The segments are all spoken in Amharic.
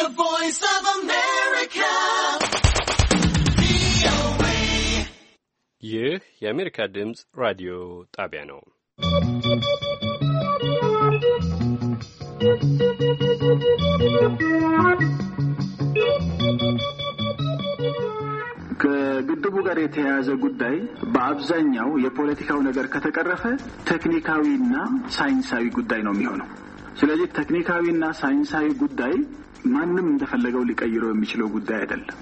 The Voice of America. ይህ የአሜሪካ ድምፅ ራዲዮ ጣቢያ ነው። ከግድቡ ጋር የተያያዘ ጉዳይ በአብዛኛው የፖለቲካው ነገር ከተቀረፈ ቴክኒካዊና ሳይንሳዊ ጉዳይ ነው የሚሆነው ስለዚህ ቴክኒካዊና ሳይንሳዊ ጉዳይ ማንም እንደፈለገው ሊቀይረው የሚችለው ጉዳይ አይደለም።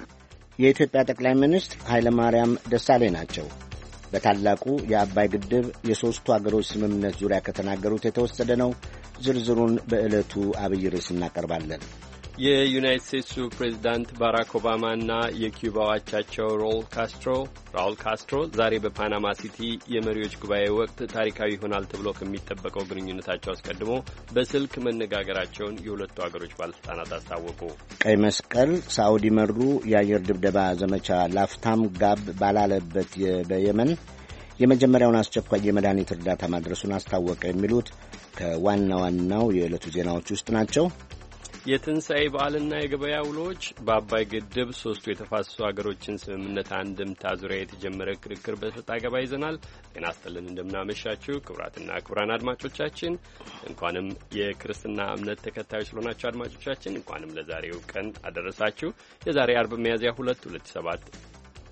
የኢትዮጵያ ጠቅላይ ሚኒስትር ኃይለማርያም ደሳሌ ናቸው። በታላቁ የአባይ ግድብ የሦስቱ አገሮች ስምምነት ዙሪያ ከተናገሩት የተወሰደ ነው። ዝርዝሩን በዕለቱ አብይ ርዕስ እናቀርባለን። የዩናይት ስቴትሱ ፕሬዚዳንት ባራክ ኦባማና የኪዩባ አቻቸው ራውል ካስትሮ ራውል ካስትሮ ዛሬ በፓናማ ሲቲ የመሪዎች ጉባኤ ወቅት ታሪካዊ ይሆናል ተብሎ ከሚጠበቀው ግንኙነታቸው አስቀድሞ በስልክ መነጋገራቸውን የሁለቱ አገሮች ባለስልጣናት አስታወቁ። ቀይ መስቀል ሳዑዲ መሩ የአየር ድብደባ ዘመቻ ላፍታም ጋብ ባላለበት በየመን የመጀመሪያውን አስቸኳይ የመድኃኒት እርዳታ ማድረሱን አስታወቀ። የሚሉት ከዋና ዋናው የዕለቱ ዜናዎች ውስጥ ናቸው። የትንሣኤ በዓልና የገበያ ውሎች በአባይ ግድብ ሶስቱ የተፋሰሱ አገሮችን ስምምነት አንድምታ ዙሪያ የተጀመረ ክርክር በሰጣ ገባ ይዘናል። ጤና ይስጥልን እንደምናመሻችሁ ክቡራትና ክቡራን አድማጮቻችን እንኳንም የክርስትና እምነት ተከታዮች ስለሆናችሁ አድማጮቻችን እንኳንም ለዛሬው ቀን አደረሳችሁ። የዛሬ አርብ ሚያዝያ ሁለት ሁለት ሰባት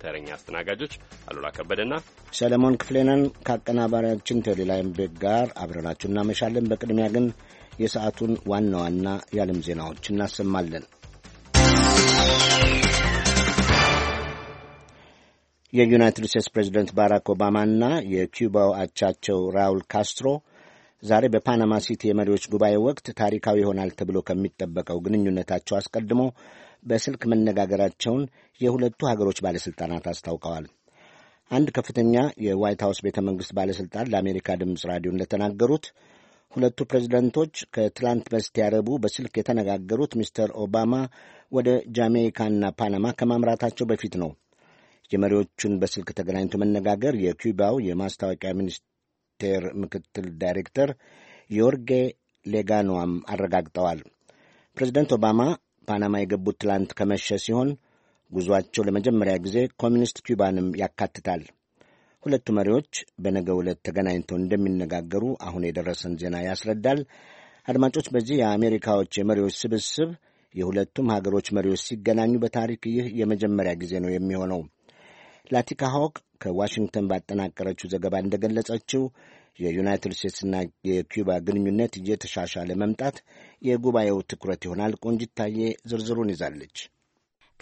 ተረኛ አስተናጋጆች አሉላ ከበደና ሰለሞን ክፍሌነን ከአቀናባሪያችን ቴሌላይም ቤግ ጋር አብረናችሁ እናመሻለን። በቅድሚያ ግን የሰዓቱን ዋና ዋና የዓለም ዜናዎች እናሰማለን። የዩናይትድ ስቴትስ ፕሬዚደንት ባራክ ኦባማና የኪውባው አቻቸው ራውል ካስትሮ ዛሬ በፓናማ ሲቲ የመሪዎች ጉባኤ ወቅት ታሪካዊ ይሆናል ተብሎ ከሚጠበቀው ግንኙነታቸው አስቀድሞ በስልክ መነጋገራቸውን የሁለቱ ሀገሮች ባለሥልጣናት አስታውቀዋል። አንድ ከፍተኛ የዋይት ሀውስ ቤተ መንግሥት ባለሥልጣን ለአሜሪካ ድምፅ ራዲዮ እንደተናገሩት ሁለቱ ፕሬዝደንቶች ከትላንት በስቲያ ረቡዕ በስልክ የተነጋገሩት ሚስተር ኦባማ ወደ ጃሜይካና ፓናማ ከማምራታቸው በፊት ነው። የመሪዎቹን በስልክ ተገናኝቶ መነጋገር የኩባው የማስታወቂያ ሚኒስቴር ምክትል ዳይሬክተር ዮርጌ ሌጋኖዋም አረጋግጠዋል። ፕሬዝደንት ኦባማ ፓናማ የገቡት ትላንት ከመሸ ሲሆን ጉዟቸው ለመጀመሪያ ጊዜ ኮሚኒስት ኩባንም ያካትታል። ሁለቱ መሪዎች በነገ ዕለት ተገናኝተው እንደሚነጋገሩ አሁን የደረሰን ዜና ያስረዳል። አድማጮች፣ በዚህ የአሜሪካዎች የመሪዎች ስብስብ የሁለቱም ሀገሮች መሪዎች ሲገናኙ በታሪክ ይህ የመጀመሪያ ጊዜ ነው የሚሆነው። ላቲካ ሆክ ከዋሽንግተን ባጠናቀረችው ዘገባ እንደገለጸችው የዩናይትድ ስቴትስና የኪዩባ ግንኙነት እየተሻሻለ መምጣት የጉባኤው ትኩረት ይሆናል። ቆንጅታዬ ዝርዝሩን ይዛለች።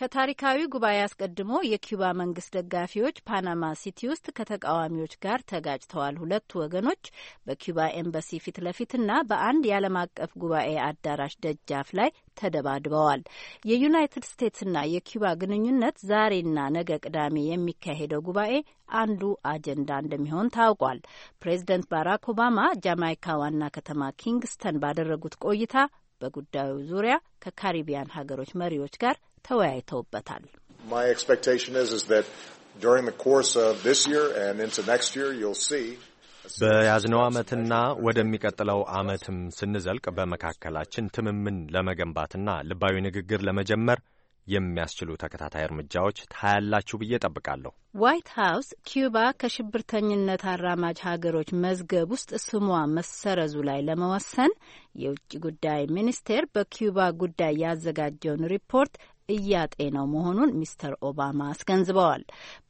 ከታሪካዊ ጉባኤ አስቀድሞ የኪዩባ መንግስት ደጋፊዎች ፓናማ ሲቲ ውስጥ ከተቃዋሚዎች ጋር ተጋጭተዋል። ሁለቱ ወገኖች በኪዩባ ኤምባሲ ፊት ለፊትና በአንድ የዓለም አቀፍ ጉባኤ አዳራሽ ደጃፍ ላይ ተደባድበዋል። የዩናይትድ ስቴትስና የኪዩባ ግንኙነት ዛሬና ነገ ቅዳሜ የሚካሄደው ጉባኤ አንዱ አጀንዳ እንደሚሆን ታውቋል። ፕሬዚደንት ባራክ ኦባማ ጃማይካ ዋና ከተማ ኪንግስተን ባደረጉት ቆይታ በጉዳዩ ዙሪያ ከካሪቢያን ሀገሮች መሪዎች ጋር ተወያይተውበታል። በያዝነው ዓመትና ወደሚቀጥለው ዓመትም ስንዘልቅ በመካከላችን ትምምን ለመገንባትና ልባዊ ንግግር ለመጀመር የሚያስችሉ ተከታታይ እርምጃዎች ታያላችሁ ብዬ ጠብቃለሁ። ዋይት ሀውስ ኪዩባ ከሽብርተኝነት አራማጅ ሀገሮች መዝገብ ውስጥ ስሟ መሰረዙ ላይ ለመወሰን የውጭ ጉዳይ ሚኒስቴር በኪዩባ ጉዳይ ያዘጋጀውን ሪፖርት እያጤነው መሆኑን ሚስተር ኦባማ አስገንዝበዋል።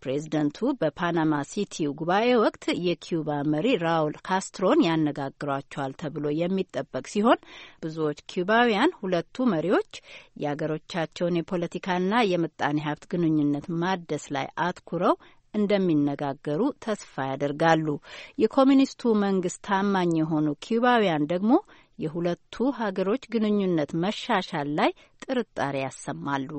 ፕሬዝደንቱ በፓናማ ሲቲው ጉባኤ ወቅት የኪዩባ መሪ ራውል ካስትሮን ያነጋግሯቸዋል ተብሎ የሚጠበቅ ሲሆን ብዙዎች ኪዩባውያን ሁለቱ መሪዎች የአገሮቻቸውን የፖለቲካና የምጣኔ ሀብት ግንኙነት ማደስ ላይ አትኩረው እንደሚነጋገሩ ተስፋ ያደርጋሉ። የኮሚኒስቱ መንግስት ታማኝ የሆኑ ኪዩባውያን ደግሞ የሁለቱ ሀገሮች ግንኙነት መሻሻል ላይ ጥርጣሬ ያሰማሉ።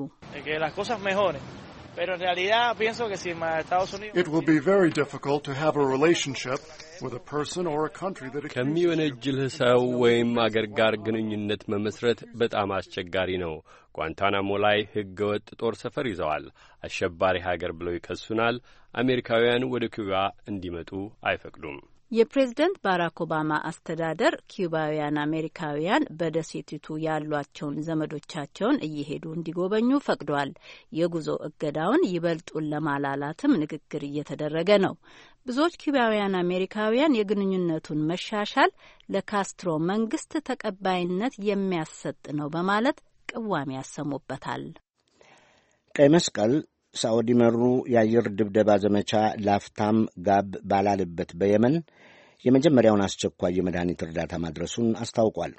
ከሚወነጅልህ ሰው ወይም አገር ጋር ግንኙነት መመስረት በጣም አስቸጋሪ ነው። ጓንታናሞ ላይ ሕገ ወጥ ጦር ሰፈር ይዘዋል። አሸባሪ ሀገር ብለው ይከሱናል። አሜሪካውያን ወደ ኩባ እንዲመጡ አይፈቅዱም። የፕሬዝደንት ባራክ ኦባማ አስተዳደር ኪውባውያን አሜሪካውያን በደሴቲቱ ያሏቸውን ዘመዶቻቸውን እየሄዱ እንዲጎበኙ ፈቅዷል። የጉዞ እገዳውን ይበልጡን ለማላላትም ንግግር እየተደረገ ነው። ብዙዎች ኪውባውያን አሜሪካውያን የግንኙነቱን መሻሻል ለካስትሮ መንግስት ተቀባይነት የሚያሰጥ ነው በማለት ቅዋሜ ያሰሙበታል። ቀይ መስቀል ሳዑዲ መሩ የአየር ድብደባ ዘመቻ ላፍታም ጋብ ባላለበት በየመን የመጀመሪያውን አስቸኳይ የመድኃኒት እርዳታ ማድረሱን አስታውቋል።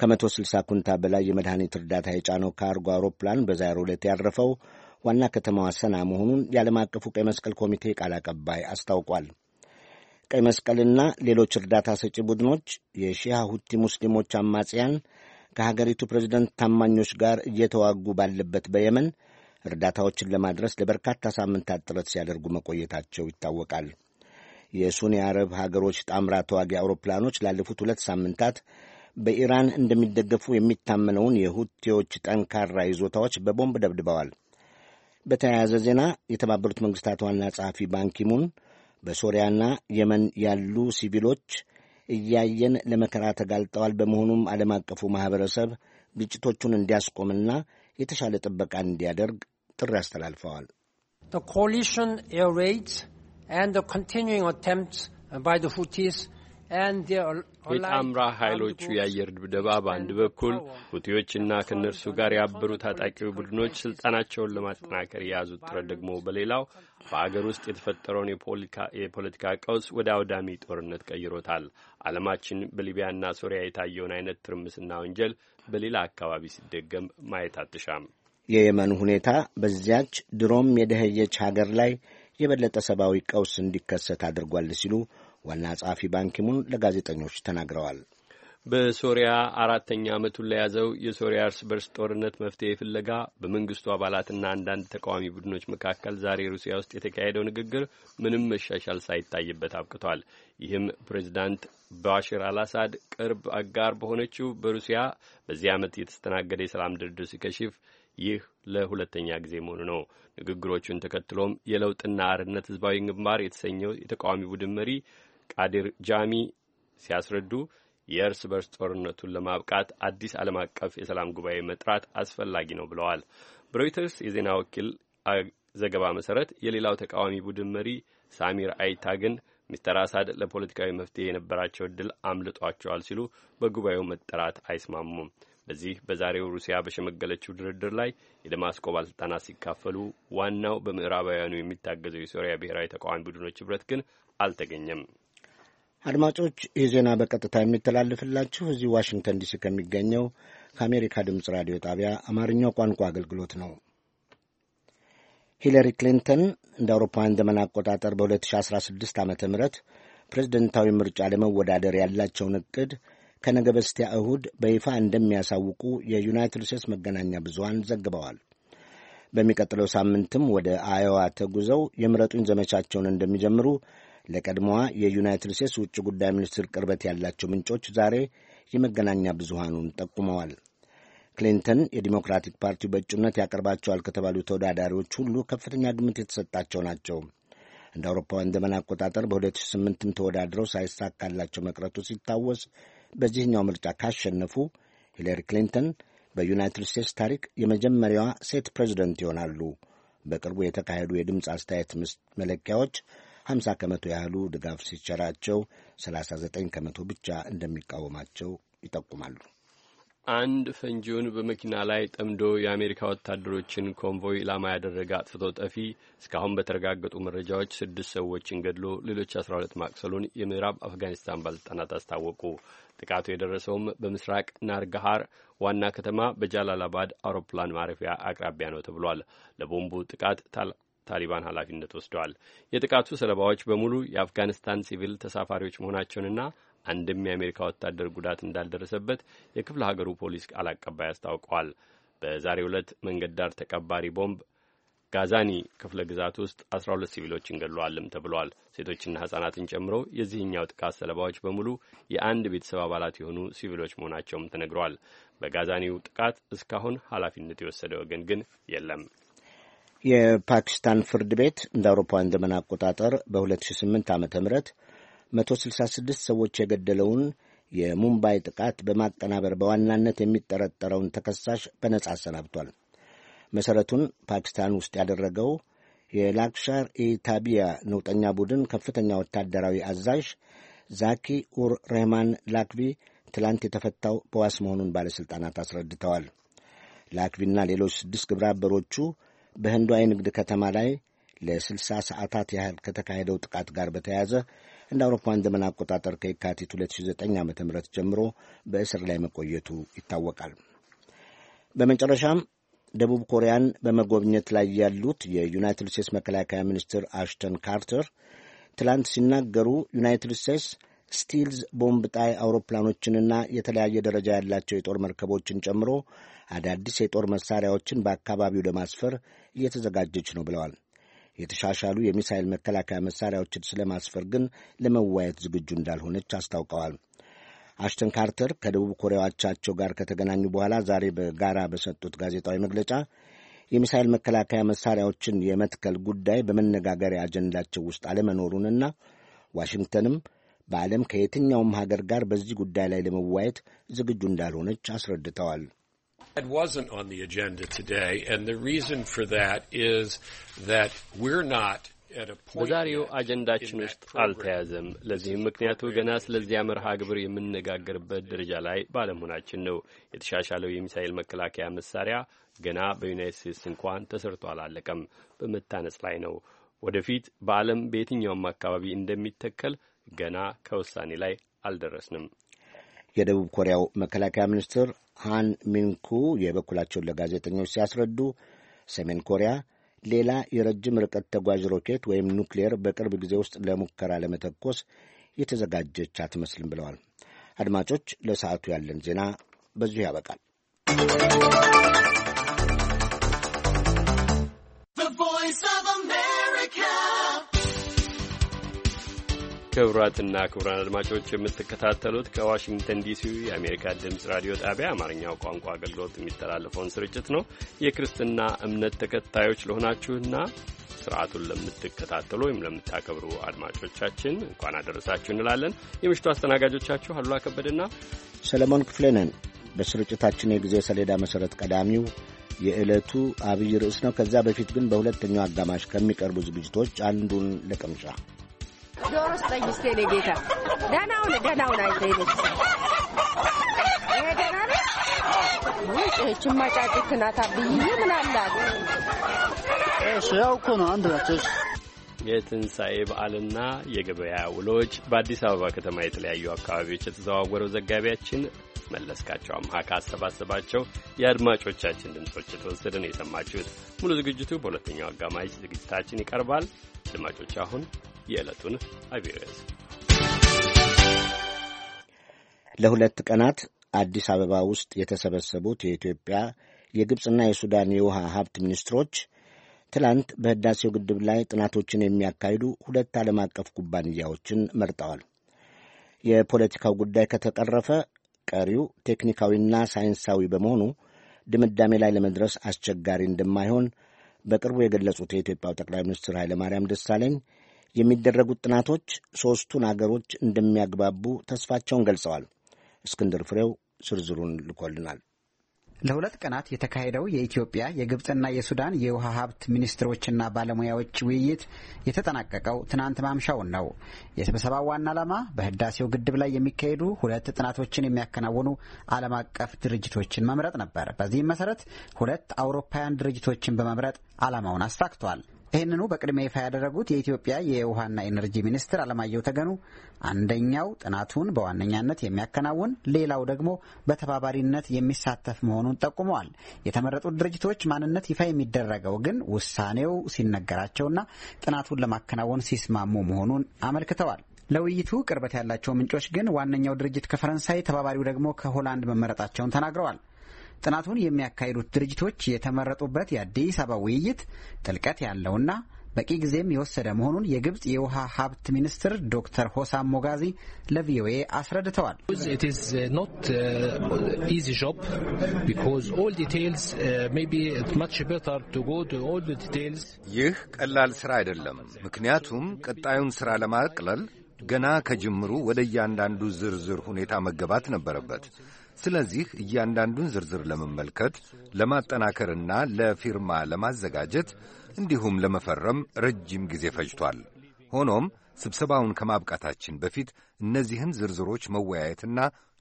ከመቶ ስልሳ ኩንታ በላይ የመድኃኒት እርዳታ የጫነው ካርጎ አውሮፕላን በዛሬው ዕለት ያረፈው ዋና ከተማዋ ሰና መሆኑን የዓለም አቀፉ ቀይ መስቀል ኮሚቴ ቃል አቀባይ አስታውቋል። ቀይ መስቀልና ሌሎች እርዳታ ሰጪ ቡድኖች የሺያ ሁቲ ሙስሊሞች አማጽያን ከሀገሪቱ ፕሬዝደንት ታማኞች ጋር እየተዋጉ ባለበት በየመን እርዳታዎችን ለማድረስ ለበርካታ ሳምንታት ጥረት ሲያደርጉ መቆየታቸው ይታወቃል። የሱኒ አረብ ሀገሮች ጣምራ ተዋጊ አውሮፕላኖች ላለፉት ሁለት ሳምንታት በኢራን እንደሚደገፉ የሚታመነውን የሁቴዎች ጠንካራ ይዞታዎች በቦምብ ደብድበዋል። በተያያዘ ዜና የተባበሩት መንግስታት ዋና ጸሐፊ ባንኪሙን በሶሪያና የመን ያሉ ሲቪሎች እያየን ለመከራ ተጋልጠዋል። በመሆኑም ዓለም አቀፉ ማኅበረሰብ ግጭቶቹን እንዲያስቆምና የተሻለ ጥበቃ እንዲያደርግ ጥሪ አስተላልፈዋል። የጣምራ ኃይሎቹ የአየር ድብደባ በአንድ በኩል ሁቲዎችና ከእነርሱ ጋር ያበሩ ታጣቂ ቡድኖች ስልጣናቸውን ለማጠናከር የያዙት ጥረት ደግሞ በሌላው በአገር ውስጥ የተፈጠረውን የፖለቲካ ቀውስ ወደ አውዳሚ ጦርነት ቀይሮታል። ዓለማችን በሊቢያና ሶሪያ የታየውን አይነት ትርምስና ወንጀል በሌላ አካባቢ ሲደገም ማየት አትሻም። የየመን ሁኔታ በዚያች ድሮም የደህየች ሀገር ላይ የበለጠ ሰብአዊ ቀውስ እንዲከሰት አድርጓል ሲሉ ዋና ጸሐፊ ባንኪሙን ለጋዜጠኞች ተናግረዋል። በሶሪያ አራተኛ ዓመቱን ለያዘው የሶሪያ እርስ በርስ ጦርነት መፍትሄ ፍለጋ በመንግስቱ አባላትና አንዳንድ ተቃዋሚ ቡድኖች መካከል ዛሬ ሩሲያ ውስጥ የተካሄደው ንግግር ምንም መሻሻል ሳይታይበት አብቅቷል። ይህም ፕሬዚዳንት ባሽር አልአሳድ ቅርብ አጋር በሆነችው በሩሲያ በዚህ ዓመት የተስተናገደ የሰላም ድርድር ሲከሽፍ ይህ ለሁለተኛ ጊዜ መሆኑ ነው። ንግግሮቹን ተከትሎም የለውጥና አርነት ህዝባዊ ግንባር የተሰኘው የተቃዋሚ ቡድን መሪ ቃዲር ጃሚ ሲያስረዱ የእርስ በርስ ጦርነቱን ለማብቃት አዲስ ዓለም አቀፍ የሰላም ጉባኤ መጥራት አስፈላጊ ነው ብለዋል። በሮይተርስ የዜና ወኪል ዘገባ መሰረት የሌላው ተቃዋሚ ቡድን መሪ ሳሚር አይታ ግን ሚስተር አሳድ ለፖለቲካዊ መፍትሄ የነበራቸው እድል አምልጧቸዋል ሲሉ በጉባኤው መጠራት አይስማሙም። በዚህ በዛሬው ሩሲያ በሸመገለችው ድርድር ላይ የደማስቆ ባለስልጣናት ሲካፈሉ ዋናው በምዕራባውያኑ የሚታገዘው የሶሪያ ብሔራዊ ተቃዋሚ ቡድኖች ህብረት ግን አልተገኘም። አድማጮች ይህ ዜና በቀጥታ የሚተላልፍላችሁ እዚህ ዋሽንግተን ዲሲ ከሚገኘው ከአሜሪካ ድምፅ ራዲዮ ጣቢያ አማርኛው ቋንቋ አገልግሎት ነው። ሂለሪ ክሊንተን እንደ አውሮፓውያን ዘመን አቆጣጠር በ2016 ዓ ም ፕሬዝደንታዊ ምርጫ ለመወዳደር ያላቸውን እቅድ ከነገ በስቲያ እሁድ በይፋ እንደሚያሳውቁ የዩናይትድ ስቴትስ መገናኛ ብዙሃን ዘግበዋል። በሚቀጥለው ሳምንትም ወደ አዮዋ ተጉዘው የምረጡኝ ዘመቻቸውን እንደሚጀምሩ ለቀድሞዋ የዩናይትድ ስቴትስ ውጭ ጉዳይ ሚኒስትር ቅርበት ያላቸው ምንጮች ዛሬ የመገናኛ ብዙሃኑን ጠቁመዋል። ክሊንተን የዲሞክራቲክ ፓርቲው በእጩነት ያቀርባቸዋል ከተባሉ ተወዳዳሪዎች ሁሉ ከፍተኛ ግምት የተሰጣቸው ናቸው። እንደ አውሮፓውያን ዘመን አቆጣጠር በ2008ም ተወዳድረው ሳይሳካላቸው መቅረቱ ሲታወስ በዚህኛው ምርጫ ካሸነፉ ሂለሪ ክሊንተን በዩናይትድ ስቴትስ ታሪክ የመጀመሪያዋ ሴት ፕሬዚደንት ይሆናሉ። በቅርቡ የተካሄዱ የድምፅ አስተያየት መለኪያዎች 50 ከመቶ ያህሉ ድጋፍ ሲቸራቸው፣ 39 ከመቶ ብቻ እንደሚቃወማቸው ይጠቁማሉ። አንድ ፈንጂውን በመኪና ላይ ጠምዶ የአሜሪካ ወታደሮችን ኮንቮይ ኢላማ ያደረገ አጥፍቶ ጠፊ እስካሁን በተረጋገጡ መረጃዎች ስድስት ሰዎችን ገድሎ ሌሎች አስራ ሁለት ማቅሰሉን የምዕራብ አፍጋኒስታን ባለስልጣናት አስታወቁ። ጥቃቱ የደረሰውም በምስራቅ ናርጋሃር ዋና ከተማ በጃላላባድ አውሮፕላን ማረፊያ አቅራቢያ ነው ተብሏል። ለቦምቡ ጥቃት ታሊባን ኃላፊነት ወስደዋል። የጥቃቱ ሰለባዎች በሙሉ የአፍጋኒስታን ሲቪል ተሳፋሪዎች መሆናቸውንና አንድም የአሜሪካ ወታደር ጉዳት እንዳልደረሰበት የክፍለ ሀገሩ ፖሊስ ቃል አቀባይ አስታውቀዋል። በዛሬው ዕለት መንገድ ዳር ተቀባሪ ቦምብ ጋዛኒ ክፍለ ግዛት ውስጥ አስራ ሁለት ሲቪሎችን ገድለዋልም ተብሏል። ሴቶችና ህጻናትን ጨምሮ የዚህኛው ጥቃት ሰለባዎች በሙሉ የአንድ ቤተሰብ አባላት የሆኑ ሲቪሎች መሆናቸውም ተነግሯል። በጋዛኒው ጥቃት እስካሁን ኃላፊነት የወሰደ ወገን ግን የለም። የፓኪስታን ፍርድ ቤት እንደ አውሮፓውያን ዘመን አቆጣጠር በ2008 ዓ ም 166 ሰዎች የገደለውን የሙምባይ ጥቃት በማቀናበር በዋናነት የሚጠረጠረውን ተከሳሽ በነጻ አሰናብቷል። መሠረቱን ፓኪስታን ውስጥ ያደረገው የላክሻር ኢታቢያ ነውጠኛ ቡድን ከፍተኛ ወታደራዊ አዛዥ ዛኪ ኡር ረህማን ላክቪ ትላንት የተፈታው በዋስ መሆኑን ባለሥልጣናት አስረድተዋል። ላክቪና ሌሎች ስድስት ግብረ አበሮቹ በህንዷ የንግድ ከተማ ላይ ለ60 ሰዓታት ያህል ከተካሄደው ጥቃት ጋር በተያያዘ እንደ አውሮፓውያን ዘመን አቆጣጠር ከየካቲት 2009 ዓ ም ጀምሮ በእስር ላይ መቆየቱ ይታወቃል። በመጨረሻም ደቡብ ኮሪያን በመጎብኘት ላይ ያሉት የዩናይትድ ስቴትስ መከላከያ ሚኒስትር አሽተን ካርተር ትላንት ሲናገሩ ዩናይትድ ስቴትስ ስቲልዝ ቦምብ ጣይ አውሮፕላኖችንና የተለያየ ደረጃ ያላቸው የጦር መርከቦችን ጨምሮ አዳዲስ የጦር መሳሪያዎችን በአካባቢው ለማስፈር እየተዘጋጀች ነው ብለዋል። የተሻሻሉ የሚሳይል መከላከያ መሳሪያዎችን ስለማስፈር ግን ለመዋየት ዝግጁ እንዳልሆነች አስታውቀዋል። አሽተን ካርተር ከደቡብ ኮሪያዎቻቸው ጋር ከተገናኙ በኋላ ዛሬ በጋራ በሰጡት ጋዜጣዊ መግለጫ የሚሳይል መከላከያ መሳሪያዎችን የመትከል ጉዳይ በመነጋገሪያ አጀንዳቸው ውስጥ አለመኖሩንና ዋሽንግተንም በዓለም ከየትኛውም ሀገር ጋር በዚህ ጉዳይ ላይ ለመወያየት ዝግጁ እንዳልሆነች አስረድተዋል። It wasn't on the agenda today, and the reason for that is that we're not በዛሬው አጀንዳችን ውስጥ አልተያዘም። ለዚህም ምክንያቱ ገና ስለዚያ መርሃ ግብር የምንነጋገርበት ደረጃ ላይ ባለመሆናችን ነው። የተሻሻለው የሚሳኤል መከላከያ መሳሪያ ገና በዩናይት ስቴትስ እንኳን ተሰርቶ አላለቀም፣ በመታነጽ ላይ ነው። ወደፊት በዓለም በየትኛውም አካባቢ እንደሚተከል ገና ከውሳኔ ላይ አልደረስንም። የደቡብ ኮሪያው መከላከያ ሚኒስትር ሃን ሚንኩ የበኩላቸውን ለጋዜጠኞች ሲያስረዱ ሰሜን ኮሪያ ሌላ የረጅም ርቀት ተጓዥ ሮኬት ወይም ኑክሌር በቅርብ ጊዜ ውስጥ ለሙከራ ለመተኮስ የተዘጋጀች አትመስልም ብለዋል። አድማጮች፣ ለሰዓቱ ያለን ዜና በዚሁ ያበቃል። ክቡራትና ክቡራን አድማጮች የምትከታተሉት ከዋሽንግተን ዲሲ የአሜሪካ ድምፅ ራዲዮ ጣቢያ አማርኛው ቋንቋ አገልግሎት የሚተላለፈውን ስርጭት ነው። የክርስትና እምነት ተከታዮች ለሆናችሁና ስርዓቱን ለምትከታተሉ ወይም ለምታከብሩ አድማጮቻችን እንኳን አደረሳችሁ እንላለን። የምሽቱ አስተናጋጆቻችሁ አሉላ ከበድና ሰለሞን ክፍሌ ነን። በስርጭታችን የጊዜ ሰሌዳ መሠረት ቀዳሚው የዕለቱ አብይ ርዕስ ነው። ከዚያ በፊት ግን በሁለተኛው አጋማሽ ከሚቀርቡ ዝግጅቶች አንዱን ለቅምሻ ጆሮ ስጠኝ እስቴ ጌታ ደህና ሁን ደህና ሁን አንተ ይሄ ደህና ናት አብይዬ ምን አላት እሺ ያው እኮ ነው አንድ የትንሣኤ በዓልና የገበያ ውሎች በአዲስ አበባ ከተማ የተለያዩ አካባቢዎች የተዘዋወረው ዘጋቢያችን መለስካቸው አምሃ ካሰባሰባቸው የአድማጮቻችን ድምጾች የተወሰደ ነው የሰማችሁት። ሙሉ ዝግጅቱ በሁለተኛው አጋማሽ ዝግጅታችን ይቀርባል። አድማጮች አሁን የዕለቱን አቢረስ ለሁለት ቀናት አዲስ አበባ ውስጥ የተሰበሰቡት የኢትዮጵያ የግብፅና የሱዳን የውሃ ሀብት ሚኒስትሮች ትላንት በህዳሴው ግድብ ላይ ጥናቶችን የሚያካሂዱ ሁለት ዓለም አቀፍ ኩባንያዎችን መርጠዋል። የፖለቲካው ጉዳይ ከተቀረፈ ቀሪው ቴክኒካዊና ሳይንሳዊ በመሆኑ ድምዳሜ ላይ ለመድረስ አስቸጋሪ እንደማይሆን በቅርቡ የገለጹት የኢትዮጵያው ጠቅላይ ሚኒስትር ኃይለማርያም ደሳለኝ የሚደረጉት ጥናቶች ሦስቱን አገሮች እንደሚያግባቡ ተስፋቸውን ገልጸዋል። እስክንድር ፍሬው ዝርዝሩን ልኮልናል። ለሁለት ቀናት የተካሄደው የኢትዮጵያ የግብፅና የሱዳን የውሃ ሀብት ሚኒስትሮችና ባለሙያዎች ውይይት የተጠናቀቀው ትናንት ማምሻውን ነው። የስብሰባው ዋና ዓላማ በህዳሴው ግድብ ላይ የሚካሄዱ ሁለት ጥናቶችን የሚያከናውኑ ዓለም አቀፍ ድርጅቶችን መምረጥ ነበር። በዚህም መሰረት ሁለት አውሮፓውያን ድርጅቶችን በመምረጥ ዓላማውን አሳክቷል። ይህንኑ በቅድሚያ ይፋ ያደረጉት የኢትዮጵያ የውሃና ኤነርጂ ሚኒስትር አለማየሁ ተገኑ አንደኛው ጥናቱን በዋነኛነት የሚያከናውን ሌላው ደግሞ በተባባሪነት የሚሳተፍ መሆኑን ጠቁመዋል። የተመረጡት ድርጅቶች ማንነት ይፋ የሚደረገው ግን ውሳኔው ሲነገራቸውና ጥናቱን ለማከናወን ሲስማሙ መሆኑን አመልክተዋል። ለውይይቱ ቅርበት ያላቸው ምንጮች ግን ዋነኛው ድርጅት ከፈረንሳይ ተባባሪው ደግሞ ከሆላንድ መመረጣቸውን ተናግረዋል። ጥናቱን የሚያካሂዱት ድርጅቶች የተመረጡበት የአዲስ አበባ ውይይት ጥልቀት ያለውና በቂ ጊዜም የወሰደ መሆኑን የግብጽ የውሃ ሀብት ሚኒስትር ዶክተር ሆሳም ሞጋዚ ለቪኦኤ አስረድተዋል። uh, uh, uh, ይህ ቀላል ስራ አይደለም። ምክንያቱም ቀጣዩን ስራ ለማቅለል ገና ከጅምሩ ወደ እያንዳንዱ ዝርዝር ሁኔታ መገባት ነበረበት። ስለዚህ እያንዳንዱን ዝርዝር ለመመልከት ለማጠናከርና ለፊርማ ለማዘጋጀት እንዲሁም ለመፈረም ረጅም ጊዜ ፈጅቷል። ሆኖም ስብሰባውን ከማብቃታችን በፊት እነዚህን ዝርዝሮች መወያየትና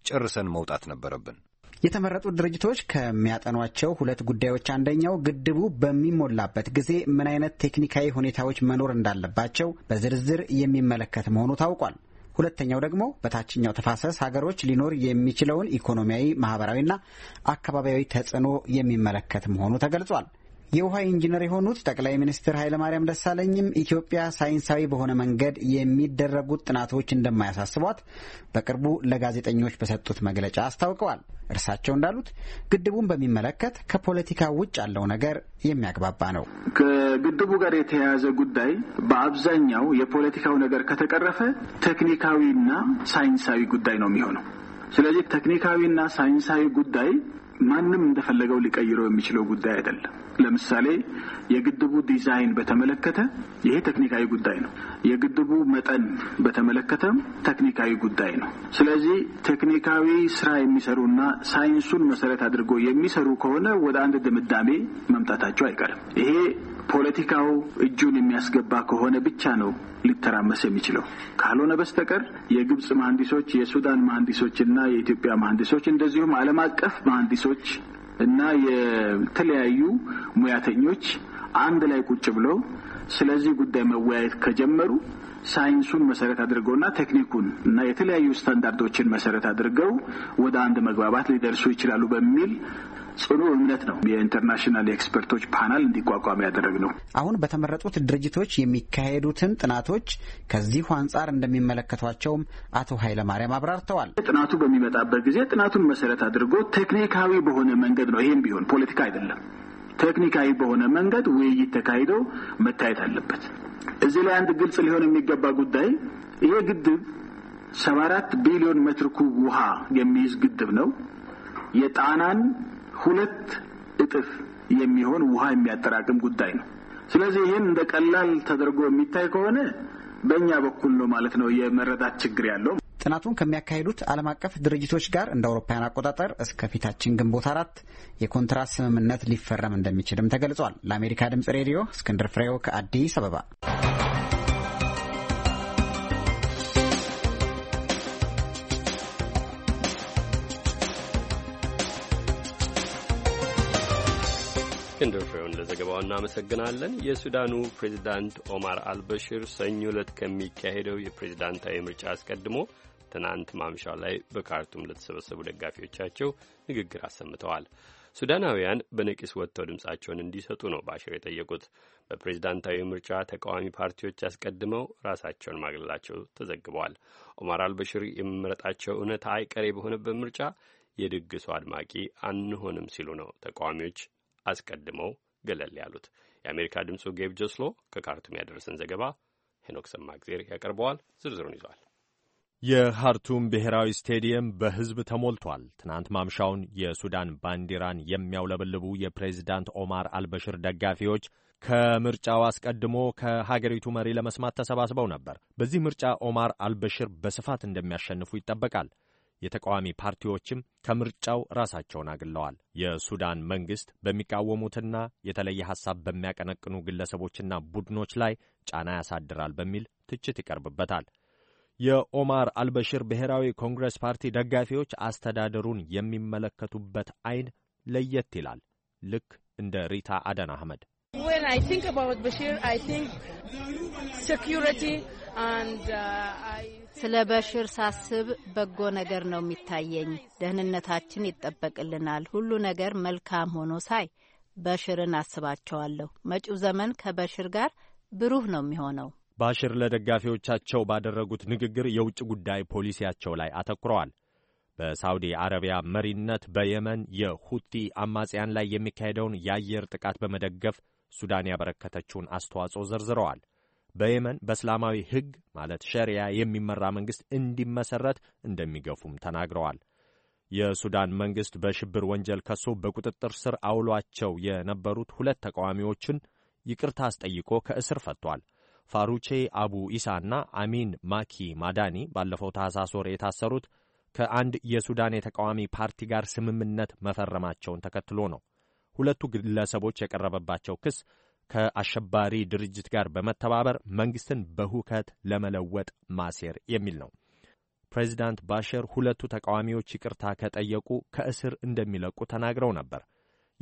ጨርሰን መውጣት ነበረብን። የተመረጡት ድርጅቶች ከሚያጠኗቸው ሁለት ጉዳዮች አንደኛው ግድቡ በሚሞላበት ጊዜ ምን አይነት ቴክኒካዊ ሁኔታዎች መኖር እንዳለባቸው በዝርዝር የሚመለከት መሆኑ ታውቋል። ሁለተኛው ደግሞ በታችኛው ተፋሰስ ሀገሮች ሊኖር የሚችለውን ኢኮኖሚያዊ፣ ማህበራዊና አካባቢያዊ ተጽዕኖ የሚመለከት መሆኑ ተገልጿል። የውሃ ኢንጂነር የሆኑት ጠቅላይ ሚኒስትር ኃይለማርያም ደሳለኝም ኢትዮጵያ ሳይንሳዊ በሆነ መንገድ የሚደረጉት ጥናቶች እንደማያሳስቧት በቅርቡ ለጋዜጠኞች በሰጡት መግለጫ አስታውቀዋል። እርሳቸው እንዳሉት ግድቡን በሚመለከት ከፖለቲካ ውጭ ያለው ነገር የሚያግባባ ነው። ከግድቡ ጋር የተያያዘ ጉዳይ በአብዛኛው የፖለቲካው ነገር ከተቀረፈ ቴክኒካዊና ሳይንሳዊ ጉዳይ ነው የሚሆነው። ስለዚህ ቴክኒካዊና ሳይንሳዊ ጉዳይ ማንም እንደፈለገው ሊቀይረው የሚችለው ጉዳይ አይደለም። ለምሳሌ የግድቡ ዲዛይን በተመለከተ ይሄ ቴክኒካዊ ጉዳይ ነው። የግድቡ መጠን በተመለከተም ቴክኒካዊ ጉዳይ ነው። ስለዚህ ቴክኒካዊ ስራ የሚሰሩና ሳይንሱን መሰረት አድርጎ የሚሰሩ ከሆነ ወደ አንድ ድምዳሜ መምጣታቸው አይቀርም። ይሄ ፖለቲካው እጁን የሚያስገባ ከሆነ ብቻ ነው ሊተራመስ የሚችለው። ካልሆነ በስተቀር የግብፅ መሐንዲሶች፣ የሱዳን መሐንዲሶች እና የኢትዮጵያ መሐንዲሶች እንደዚሁም ዓለም አቀፍ መሐንዲሶች እና የተለያዩ ሙያተኞች አንድ ላይ ቁጭ ብለው ስለዚህ ጉዳይ መወያየት ከጀመሩ ሳይንሱን መሰረት አድርገውና ቴክኒኩን እና የተለያዩ ስታንዳርዶችን መሰረት አድርገው ወደ አንድ መግባባት ሊደርሱ ይችላሉ በሚል ጽኑ እምነት ነው የኢንተርናሽናል ኤክስፐርቶች ፓናል እንዲቋቋም ነው። አሁን በተመረጡት ድርጅቶች የሚካሄዱትን ጥናቶች ከዚሁ አንጻር እንደሚመለከቷቸውም አቶ ኃይለማርያም አብራርተዋል። ጥናቱ በሚመጣበት ጊዜ ጥናቱን መሰረት አድርጎ ቴክኒካዊ በሆነ መንገድ ነው። ይህም ቢሆን ፖለቲካ አይደለም። ቴክኒካዊ በሆነ መንገድ ውይይት ተካሂዶ መታየት አለበት። እዚህ ላይ አንድ ግልጽ ሊሆን የሚገባ ጉዳይ ይሄ ግድብ ሰባ አራት ቢሊዮን ሜትር ኩብ ውሃ የሚይዝ ግድብ ነው። የጣናን ሁለት እጥፍ የሚሆን ውሃ የሚያጠራቅም ጉዳይ ነው። ስለዚህ ይህን እንደ ቀላል ተደርጎ የሚታይ ከሆነ በእኛ በኩል ነው ማለት ነው የመረዳት ችግር ያለው። ጥናቱን ከሚያካሂዱት ዓለም አቀፍ ድርጅቶች ጋር እንደ አውሮፓውያን አቆጣጠር እስከ ፊታችን ግንቦት አራት የኮንትራት ስምምነት ሊፈረም እንደሚችልም ተገልጿል። ለአሜሪካ ድምጽ ሬዲዮ እስክንድር ፍሬው ከአዲስ አበባ እስክንድር ፍሬውን ለዘገባው እናመሰግናለን። የሱዳኑ ፕሬዚዳንት ኦማር አልበሽር ሰኞ ዕለት ከሚካሄደው የፕሬዚዳንታዊ ምርጫ አስቀድሞ ትናንት ማምሻ ላይ በካርቱም ለተሰበሰቡ ደጋፊዎቻቸው ንግግር አሰምተዋል። ሱዳናውያን በነቂስ ወጥተው ድምፃቸውን እንዲሰጡ ነው ባሽር የጠየቁት። በፕሬዝዳንታዊ ምርጫ ተቃዋሚ ፓርቲዎች አስቀድመው ራሳቸውን ማግለላቸው ተዘግበዋል። ኦማር አልበሽር የመመረጣቸው እውነታ አይቀሬ በሆነበት ምርጫ የድግሱ አድማቂ አንሆንም ሲሉ ነው ተቃዋሚዎች አስቀድመው ገለል ያሉት። የአሜሪካ ድምፁ ጌብ ጆስሎ ከካርቱም ያደረሰን ዘገባ ሄኖክ ሰማግዜር ያቀርበዋል። ዝርዝሩን ይዟል። የካርቱም ብሔራዊ ስቴዲየም በሕዝብ ተሞልቷል። ትናንት ማምሻውን የሱዳን ባንዲራን የሚያውለበልቡ የፕሬዚዳንት ኦማር አልበሽር ደጋፊዎች ከምርጫው አስቀድሞ ከሀገሪቱ መሪ ለመስማት ተሰባስበው ነበር። በዚህ ምርጫ ኦማር አልበሽር በስፋት እንደሚያሸንፉ ይጠበቃል። የተቃዋሚ ፓርቲዎችም ከምርጫው ራሳቸውን አግለዋል። የሱዳን መንግሥት በሚቃወሙትና የተለየ ሐሳብ በሚያቀነቅኑ ግለሰቦችና ቡድኖች ላይ ጫና ያሳድራል በሚል ትችት ይቀርብበታል። የኦማር አልበሽር ብሔራዊ ኮንግረስ ፓርቲ ደጋፊዎች አስተዳደሩን የሚመለከቱበት ዐይን ለየት ይላል። ልክ እንደ ሪታ አደን አህመድ ስለ በሽር ሳስብ በጎ ነገር ነው የሚታየኝ። ደህንነታችን ይጠበቅልናል። ሁሉ ነገር መልካም ሆኖ ሳይ በሽርን አስባቸዋለሁ። መጪው ዘመን ከበሽር ጋር ብሩህ ነው የሚሆነው። ባሽር ለደጋፊዎቻቸው ባደረጉት ንግግር የውጭ ጉዳይ ፖሊሲያቸው ላይ አተኩረዋል። በሳውዲ አረቢያ መሪነት በየመን የሁቲ አማጽያን ላይ የሚካሄደውን የአየር ጥቃት በመደገፍ ሱዳን ያበረከተችውን አስተዋጽኦ ዘርዝረዋል። በየመን በእስላማዊ ሕግ ማለት ሸሪያ የሚመራ መንግሥት እንዲመሠረት እንደሚገፉም ተናግረዋል። የሱዳን መንግሥት በሽብር ወንጀል ከሶ በቁጥጥር ስር አውሏቸው የነበሩት ሁለት ተቃዋሚዎችን ይቅርታ አስጠይቆ ከእስር ፈቷል። ፋሩቼ አቡ ኢሳና አሚን ማኪ ማዳኒ ባለፈው ታህሳስ ወር የታሰሩት ከአንድ የሱዳን የተቃዋሚ ፓርቲ ጋር ስምምነት መፈረማቸውን ተከትሎ ነው። ሁለቱ ግለሰቦች የቀረበባቸው ክስ ከአሸባሪ ድርጅት ጋር በመተባበር መንግስትን በሁከት ለመለወጥ ማሴር የሚል ነው። ፕሬዚዳንት ባሽር ሁለቱ ተቃዋሚዎች ይቅርታ ከጠየቁ ከእስር እንደሚለቁ ተናግረው ነበር።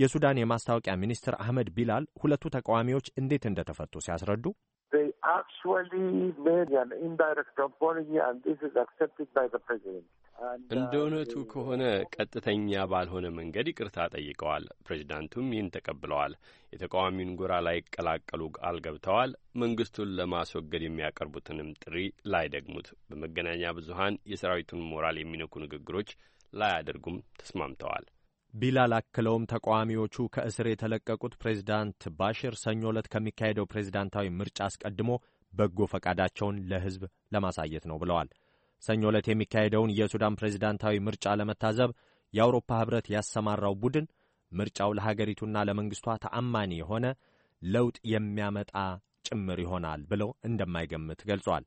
የሱዳን የማስታወቂያ ሚኒስትር አህመድ ቢላል ሁለቱ ተቃዋሚዎች እንዴት እንደተፈቱ ሲያስረዱ they actually made an indirect apology and this is accepted by the president. Uh, እንደ እውነቱ ከሆነ ቀጥተኛ ባልሆነ መንገድ ይቅርታ ጠይቀዋል። ፕሬዚዳንቱም ይህን ተቀብለዋል። የተቃዋሚውን ጎራ ላይቀላቀሉ ቃል ገብተዋል። መንግስቱን ለማስወገድ የሚያቀርቡትንም ጥሪ ላይደግሙት፣ በመገናኛ ብዙሀን የሰራዊቱን ሞራል የሚነኩ ንግግሮች ላያደርጉም ተስማምተዋል። ቢላል አክለውም ተቃዋሚዎቹ ከእስር የተለቀቁት ፕሬዝዳንት ባሽር ሰኞ ዕለት ከሚካሄደው ፕሬዝዳንታዊ ምርጫ አስቀድሞ በጎ ፈቃዳቸውን ለሕዝብ ለማሳየት ነው ብለዋል። ሰኞ ዕለት የሚካሄደውን የሱዳን ፕሬዝዳንታዊ ምርጫ ለመታዘብ የአውሮፓ ኅብረት ያሰማራው ቡድን ምርጫው ለሀገሪቱና ለመንግሥቷ ተአማኒ የሆነ ለውጥ የሚያመጣ ጭምር ይሆናል ብለው እንደማይገምት ገልጿል።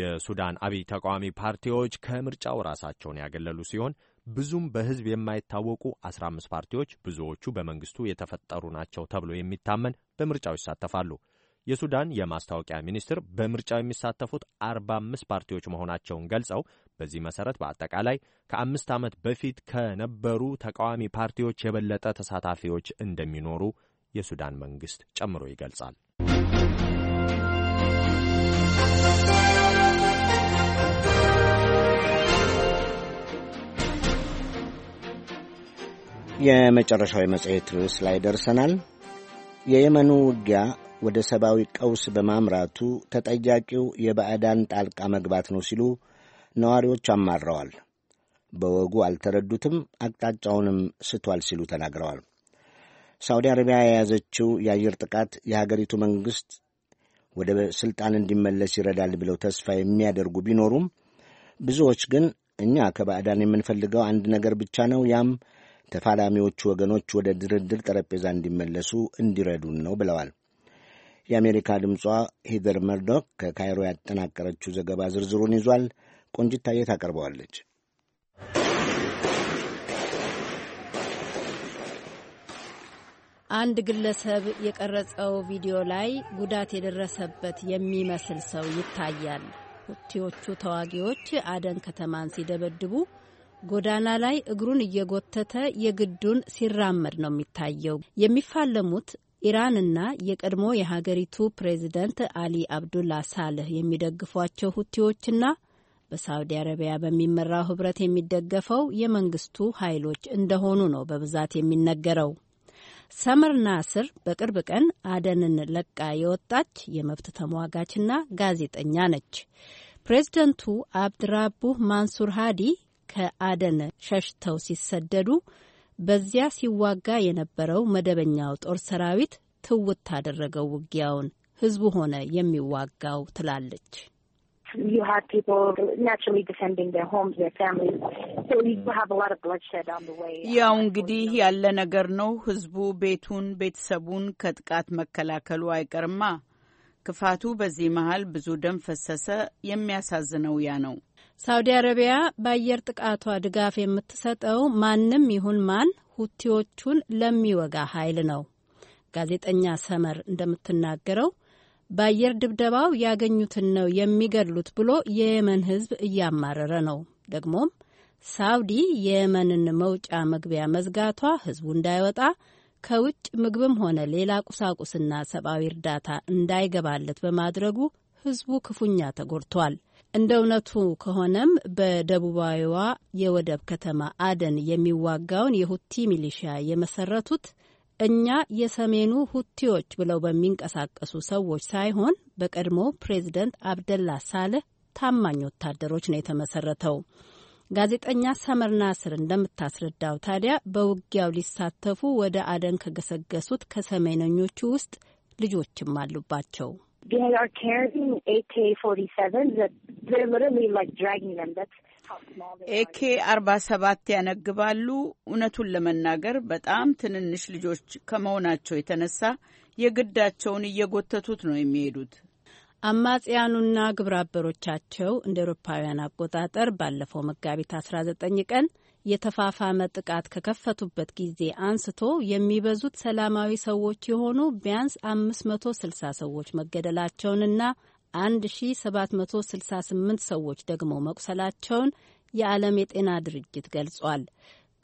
የሱዳን አብይ ተቃዋሚ ፓርቲዎች ከምርጫው ራሳቸውን ያገለሉ ሲሆን ብዙም በህዝብ የማይታወቁ 15 ፓርቲዎች ብዙዎቹ በመንግስቱ የተፈጠሩ ናቸው ተብሎ የሚታመን በምርጫው ይሳተፋሉ። የሱዳን የማስታወቂያ ሚኒስትር በምርጫው የሚሳተፉት 45 ፓርቲዎች መሆናቸውን ገልጸው በዚህ መሰረት በአጠቃላይ ከአምስት ዓመት በፊት ከነበሩ ተቃዋሚ ፓርቲዎች የበለጠ ተሳታፊዎች እንደሚኖሩ የሱዳን መንግስት ጨምሮ ይገልጻል። የመጨረሻው የመጽሔት ርዕስ ላይ ደርሰናል። የየመኑ ውጊያ ወደ ሰብአዊ ቀውስ በማምራቱ ተጠያቂው የባዕዳን ጣልቃ መግባት ነው ሲሉ ነዋሪዎች አማረዋል። በወጉ አልተረዱትም፣ አቅጣጫውንም ስቷል ሲሉ ተናግረዋል። ሳውዲ አረቢያ የያዘችው የአየር ጥቃት የሀገሪቱ መንግሥት ወደ ሥልጣን እንዲመለስ ይረዳል ብለው ተስፋ የሚያደርጉ ቢኖሩም ብዙዎች ግን እኛ ከባዕዳን የምንፈልገው አንድ ነገር ብቻ ነው፣ ያም ተፋላሚዎቹ ወገኖች ወደ ድርድር ጠረጴዛ እንዲመለሱ እንዲረዱን ነው ብለዋል። የአሜሪካ ድምጿ ሂደር መርዶክ ከካይሮ ያጠናቀረችው ዘገባ ዝርዝሩን ይዟል። ቆንጅታየት አቀርበዋለች። አንድ ግለሰብ የቀረጸው ቪዲዮ ላይ ጉዳት የደረሰበት የሚመስል ሰው ይታያል። ሁቲዎቹ ተዋጊዎች አደን ከተማን ሲደበድቡ ጎዳና ላይ እግሩን እየጎተተ የግዱን ሲራመድ ነው የሚታየው። የሚፋለሙት ኢራንና የቀድሞ የሀገሪቱ ፕሬዚደንት አሊ አብዱላ ሳልህ የሚደግፏቸው ሁቲዎችና በሳውዲ አረቢያ በሚመራው ህብረት የሚደገፈው የመንግስቱ ኃይሎች እንደሆኑ ነው በብዛት የሚነገረው። ሰመር ናስር በቅርብ ቀን አደንን ለቃ የወጣች የመብት ተሟጋችና ጋዜጠኛ ነች። ፕሬዝደንቱ አብድራቡህ ማንሱር ሃዲ ከአደን ሸሽተው ሲሰደዱ በዚያ ሲዋጋ የነበረው መደበኛው ጦር ሰራዊት ትውት ታደረገው ውጊያውን ህዝቡ ሆነ የሚዋጋው ትላለች። uh, ያው እንግዲህ ያለ ነገር ነው። ህዝቡ ቤቱን፣ ቤተሰቡን ከጥቃት መከላከሉ አይቀርማ። ክፋቱ በዚህ መሀል ብዙ ደም ፈሰሰ። የሚያሳዝነው ያ ነው። ሳውዲ አረቢያ በአየር ጥቃቷ ድጋፍ የምትሰጠው ማንም ይሁን ማን ሁቲዎቹን ለሚወጋ ኃይል ነው። ጋዜጠኛ ሰመር እንደምትናገረው በአየር ድብደባው ያገኙትን ነው የሚገድሉት ብሎ የየመን ሕዝብ እያማረረ ነው። ደግሞም ሳውዲ የየመንን መውጫ መግቢያ መዝጋቷ ሕዝቡ እንዳይወጣ ከውጭ ምግብም ሆነ ሌላ ቁሳቁስና ሰብአዊ እርዳታ እንዳይገባለት በማድረጉ ሕዝቡ ክፉኛ ተጎድቷል። እንደ እውነቱ ከሆነም በደቡባዊዋ የወደብ ከተማ አደን የሚዋጋውን የሁቲ ሚሊሻ የመሰረቱት እኛ የሰሜኑ ሁቲዎች ብለው በሚንቀሳቀሱ ሰዎች ሳይሆን በቀድሞ ፕሬዝደንት አብደላ ሳልህ ታማኝ ወታደሮች ነው የተመሰረተው። ጋዜጠኛ ሰመር ናስር እንደምታስረዳው ታዲያ በውጊያው ሊሳተፉ ወደ አደን ከገሰገሱት ከሰሜነኞቹ ውስጥ ልጆችም አሉባቸው። they are carrying AK-47 that they're literally like dragging them. That's ኤኬ አርባ ሰባት ያነግባሉ። እውነቱን ለመናገር በጣም ትንንሽ ልጆች ከመሆናቸው የተነሳ የግዳቸውን እየጎተቱት ነው የሚሄዱት። አማጽያኑና ግብረ አበሮቻቸው እንደ ኤሮፓውያን አቆጣጠር ባለፈው መጋቢት 19 ቀን የተፋፋመ ጥቃት ከከፈቱበት ጊዜ አንስቶ የሚበዙት ሰላማዊ ሰዎች የሆኑ ቢያንስ 560 ሰዎች መገደላቸውንና 1768 ሰዎች ደግሞ መቁሰላቸውን የዓለም የጤና ድርጅት ገልጿል።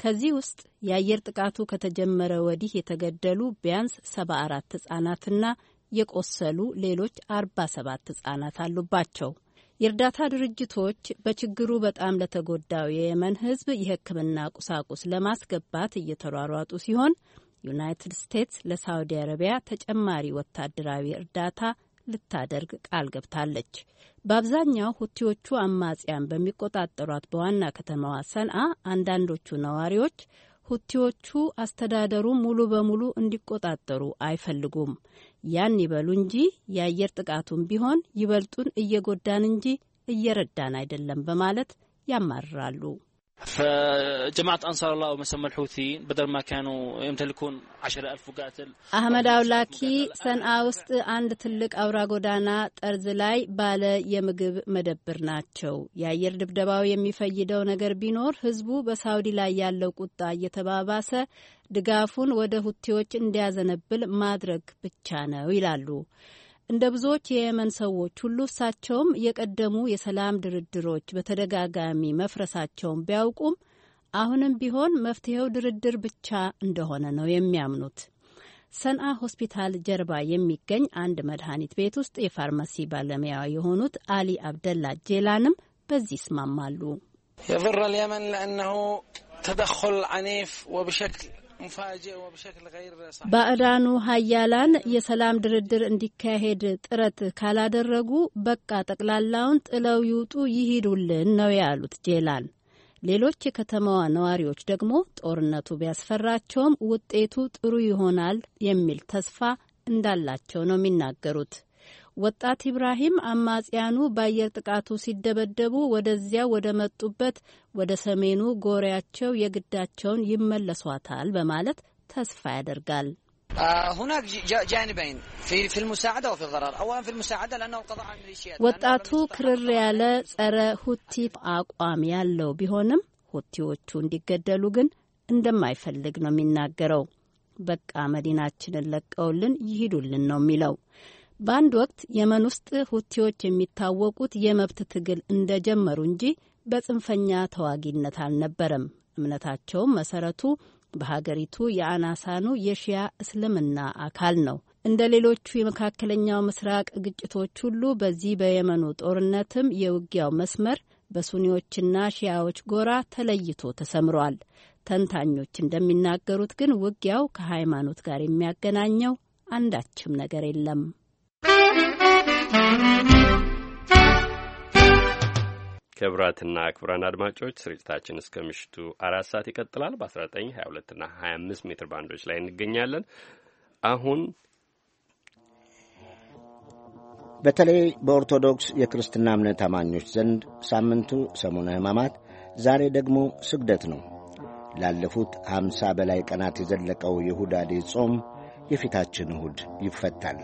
ከዚህ ውስጥ የአየር ጥቃቱ ከተጀመረ ወዲህ የተገደሉ ቢያንስ 74 ሕጻናትና የቆሰሉ ሌሎች 47 ሕጻናት አሉባቸው። የእርዳታ ድርጅቶች በችግሩ በጣም ለተጎዳው የየመን ሕዝብ የሕክምና ቁሳቁስ ለማስገባት እየተሯሯጡ ሲሆን ዩናይትድ ስቴትስ ለሳውዲ አረቢያ ተጨማሪ ወታደራዊ እርዳታ ልታደርግ ቃል ገብታለች። በአብዛኛው ሁቲዎቹ አማጽያን በሚቆጣጠሯት በዋና ከተማዋ ሰንአ አንዳንዶቹ ነዋሪዎች ሁቲዎቹ አስተዳደሩ ሙሉ በሙሉ እንዲቆጣጠሩ አይፈልጉም። ያን ይበሉ እንጂ የአየር ጥቃቱም ቢሆን ይበልጡን እየጎዳን እንጂ እየረዳን አይደለም በማለት ያማርራሉ። فجماعة أنصار الله ومسمى الحوثيين بدل ما كانوا يمتلكون عشر ألف مقاتل أحمد أولاكي سن وسط عند تلك أورا غودانا ጠርዝ ላይ ባለ የምግብ መደብር ናቸው። የአየር ድብደባው የሚፈይደው ነገር ቢኖር ህዝቡ በሳውዲ ላይ ያለው ቁጣ قطا ድጋፉን دقافون وده እንዲያዘነብል ማድረግ مادرق بچانا ويلالو እንደ ብዙዎች የየመን ሰዎች ሁሉ እሳቸውም የቀደሙ የሰላም ድርድሮች በተደጋጋሚ መፍረሳቸውን ቢያውቁም አሁንም ቢሆን መፍትሄው ድርድር ብቻ እንደሆነ ነው የሚያምኑት። ሰንአ ሆስፒታል ጀርባ የሚገኝ አንድ መድኃኒት ቤት ውስጥ የፋርማሲ ባለሙያ የሆኑት አሊ አብደላ ጄላንም በዚህ ይስማማሉ። የር ልየመን ለእነሁ ተደኩል ኒፍ ወብሸክል ባዕዳኑ ሀያላን የሰላም ድርድር እንዲካሄድ ጥረት ካላደረጉ በቃ ጠቅላላውን ጥለው ይውጡ ይሂዱልን ነው ያሉት ጄላን። ሌሎች የከተማዋ ነዋሪዎች ደግሞ ጦርነቱ ቢያስፈራቸውም ውጤቱ ጥሩ ይሆናል የሚል ተስፋ እንዳላቸው ነው የሚናገሩት። ወጣት ኢብራሂም አማጽያኑ በአየር ጥቃቱ ሲደበደቡ ወደዚያው ወደ መጡበት ወደ ሰሜኑ ጎሪያቸው የግዳቸውን ይመለሷታል በማለት ተስፋ ያደርጋል። ወጣቱ ክርር ያለ ጸረ ሁቲ አቋም ያለው ቢሆንም ሁቲዎቹ እንዲገደሉ ግን እንደማይፈልግ ነው የሚናገረው። በቃ መዲናችንን ለቀውልን ይሂዱልን ነው የሚለው። በአንድ ወቅት የመን ውስጥ ሁቲዎች የሚታወቁት የመብት ትግል እንደጀመሩ እንጂ በጽንፈኛ ተዋጊነት አልነበረም። እምነታቸውም መሰረቱ በሀገሪቱ የአናሳኑ የሺያ እስልምና አካል ነው። እንደ ሌሎቹ የመካከለኛው ምስራቅ ግጭቶች ሁሉ በዚህ በየመኑ ጦርነትም የውጊያው መስመር በሱኒዎችና ሺያዎች ጎራ ተለይቶ ተሰምሯል። ተንታኞች እንደሚናገሩት ግን ውጊያው ከሃይማኖት ጋር የሚያገናኘው አንዳችም ነገር የለም። ክቡራትና ክቡራን አድማጮች ስርጭታችን እስከ ምሽቱ አራት ሰዓት ይቀጥላል። በ1922 እና 25 ሜትር ባንዶች ላይ እንገኛለን። አሁን በተለይ በኦርቶዶክስ የክርስትና እምነት አማኞች ዘንድ ሳምንቱ ሰሙነ ሕማማት፣ ዛሬ ደግሞ ስግደት ነው። ላለፉት አምሳ በላይ ቀናት የዘለቀው የሁዳዴ ጾም የፊታችን እሁድ ይፈታል።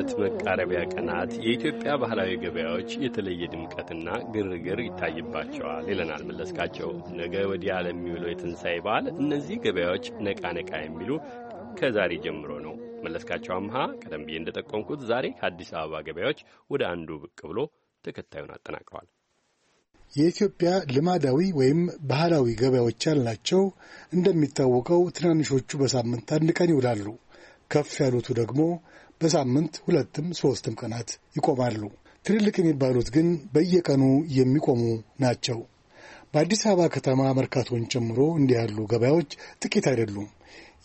ዓመት መቃረቢያ ቀናት የኢትዮጵያ ባህላዊ ገበያዎች የተለየ ድምቀትና ግርግር ይታይባቸዋል ይለናል መለስካቸው። ነገ ወዲያ ለሚውለው የትንሣኤ በዓል እነዚህ ገበያዎች ነቃ ነቃ የሚሉ ከዛሬ ጀምሮ ነው። መለስካቸው አምሃ ቀደም ብዬ እንደጠቆምኩት ዛሬ ከአዲስ አበባ ገበያዎች ወደ አንዱ ብቅ ብሎ ተከታዩን አጠናቅረዋል። የኢትዮጵያ ልማዳዊ ወይም ባህላዊ ገበያዎች ያልናቸው እንደሚታወቀው ትናንሾቹ በሳምንት አንድ ቀን ይውላሉ። ከፍ ያሉቱ ደግሞ በሳምንት ሁለትም ሶስትም ቀናት ይቆማሉ። ትልልቅ የሚባሉት ግን በየቀኑ የሚቆሙ ናቸው። በአዲስ አበባ ከተማ መርካቶን ጨምሮ እንዲህ ያሉ ገበያዎች ጥቂት አይደሉም።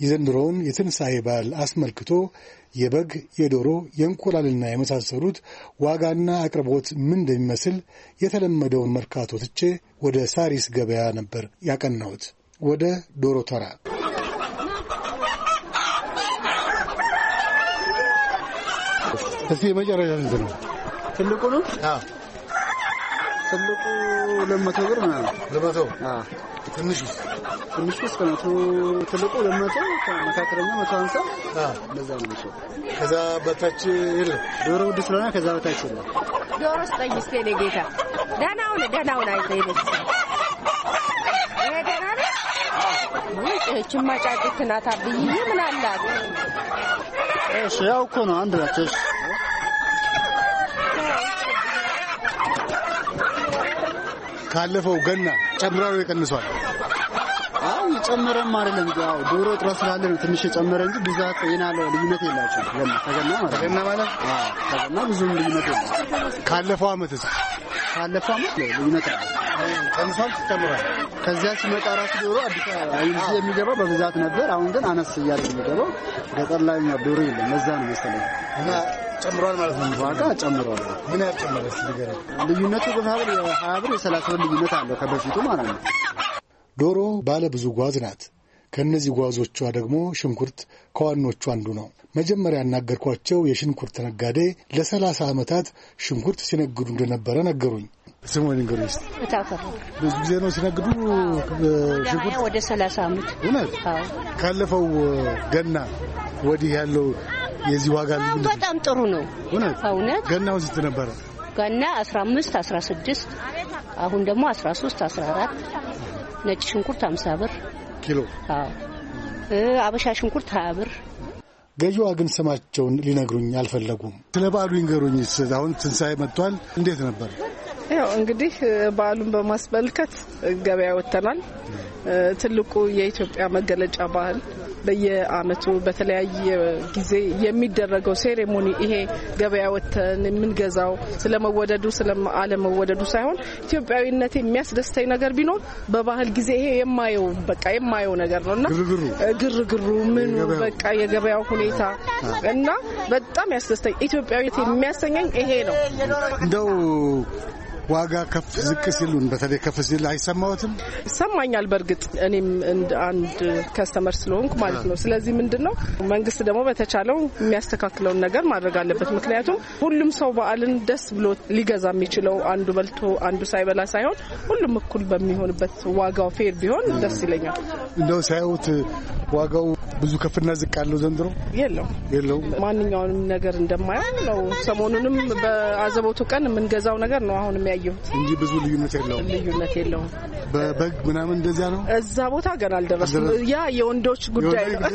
የዘንድሮውን የትንሣኤ በዓል አስመልክቶ የበግ፣ የዶሮ፣ የእንቁላልና የመሳሰሉት ዋጋና አቅርቦት ምን እንደሚመስል የተለመደውን መርካቶ ትቼ ወደ ሳሪስ ገበያ ነበር ያቀናሁት። ወደ ዶሮ ተራ እዚህ የመጨረሻ ስንት ነው? ትልቁ ነው። ትልቁ ለመቶ ብር ማለት ለመቶ ትንሹ ትንሽ እስከ ከመቶ ትልቁ ለመቶ መካከለኛ መቶ ሀምሳ እንደዛ ነው የሚሸጠው። ከዛ በታች የለ ዶሮ ውድ ስለሆነ ከዛ በታች የለ ዶሮ ስጠኝ እስኪ የእኔ ጌታ። ደህና ሁን፣ ደህና ሁን። አይተ ይሄ ደህና ነው። ይህችማ ጫጩት ናት ብዬ ምን አላት? እሺ ያው እኮ ነው አንድ ናቸው። እሺ ካለፈው ገና ጨምራሮ ይቀንሷል። አው የጨመረም አይደለም ያው ዶሮ ጥራት ስላለ ነው ትንሽ የጨመረ እንጂ ብዛት የናለ ልዩነት የላቸው። ገና ተገና ማለት ተገና ማለት አዎ ተገና ብዙም ልዩነት የለም። ካለፈው አመት ካለፈው አመት ነው ልዩነት አለ ቀንሷል፣ ይጨምራል። ከዚያ ሲመጣ ራሱ ዶሮ አዲስ አበባ የሚገባው በብዛት ነበር። አሁን ግን አነስ እያለ የሚገባው ገጠር ላይ ዶሮ የለም። ለዛ ነው መሰለኝ ጨምሯል ማለት ነው። ዋጋ ጨምሯል። ምን ያህል ጨመረ? ልዩነቱ በሀብል የሀያ ብር የሰላሳ ብር ልዩነት አለው ከበፊቱ ማለት ነው። ዶሮ ባለ ብዙ ጓዝ ናት። ከእነዚህ ጓዞቿ ደግሞ ሽንኩርት ከዋኖቹ አንዱ ነው። መጀመሪያ ያናገርኳቸው የሽንኩርት ነጋዴ ለሰላሳ ዓመታት ሽንኩርት ሲነግዱ እንደነበረ ነገሩኝ። ስሙ ንገሩ ውስጥ ብዙ ጊዜ ነው ሲነግዱ ወደ ሰላሳ ዓመት እውነት ካለፈው ገና ወዲህ ያለው የዚህ ዋጋ በጣም ጥሩ ነው። እውነት ገናው ስንት ነበረ? ገና 15 16፣ አሁን ደግሞ 13 14። ነጭ ሽንኩርት 50 ብር ኪሎ። አዎ አበሻ ሽንኩርት 20 ብር። ገዢዋ ግን ስማቸውን ሊነግሩኝ አልፈለጉም። ስለ በዓሉ ይንገሩኝ። አሁን ትንሣኤ መጥቷል። እንዴት ነበር? ያው እንግዲህ በዓሉን በማስመልከት ገበያ ወጥተናል። ትልቁ የኢትዮጵያ መገለጫ ባህል በየአመቱ በተለያየ ጊዜ የሚደረገው ሴሬሞኒ ይሄ ገበያ ወተን የምንገዛው ስለመወደዱ ስለአለመወደዱ ሳይሆን ኢትዮጵያዊነት የሚያስደስተኝ ነገር ቢኖር በባህል ጊዜ ይሄ የማየው በቃ የማየው ነገር ነው እና ግርግሩ ምኑ በቃ የገበያው ሁኔታ እና በጣም ያስደስተኝ ኢትዮጵያዊነት የሚያሰኘኝ ይሄ ነው እንደው ዋጋ ከፍ ዝቅ ሲሉን በተለይ ከፍ ሲል አይሰማዎትም? ይሰማኛል። በእርግጥ እኔም እንደ አንድ ከስተመር ስለሆንኩ ማለት ነው። ስለዚህ ምንድን ነው መንግስት ደግሞ በተቻለው የሚያስተካክለውን ነገር ማድረግ አለበት። ምክንያቱም ሁሉም ሰው በዓልን ደስ ብሎ ሊገዛ የሚችለው አንዱ በልቶ አንዱ ሳይበላ ሳይሆን ሁሉም እኩል በሚሆንበት ዋጋው ፌር ቢሆን ደስ ይለኛል። እንደው ሳያዩት ዋጋው ብዙ ከፍና ዝቅ ያለው ዘንድሮ የለው የለው ማንኛውንም ነገር እንደማያ ነው። ሰሞኑንም በአዘቦቱ ቀን የምንገዛው ነገር ነው አሁን ያየሁት እንጂ ብዙ ልዩነት የለውም። ልዩነት የለውም። በበግ ምናምን እንደዚያ ነው። እዛ ቦታ ገና አልደረስም። ያ የወንዶች ጉዳይ ነው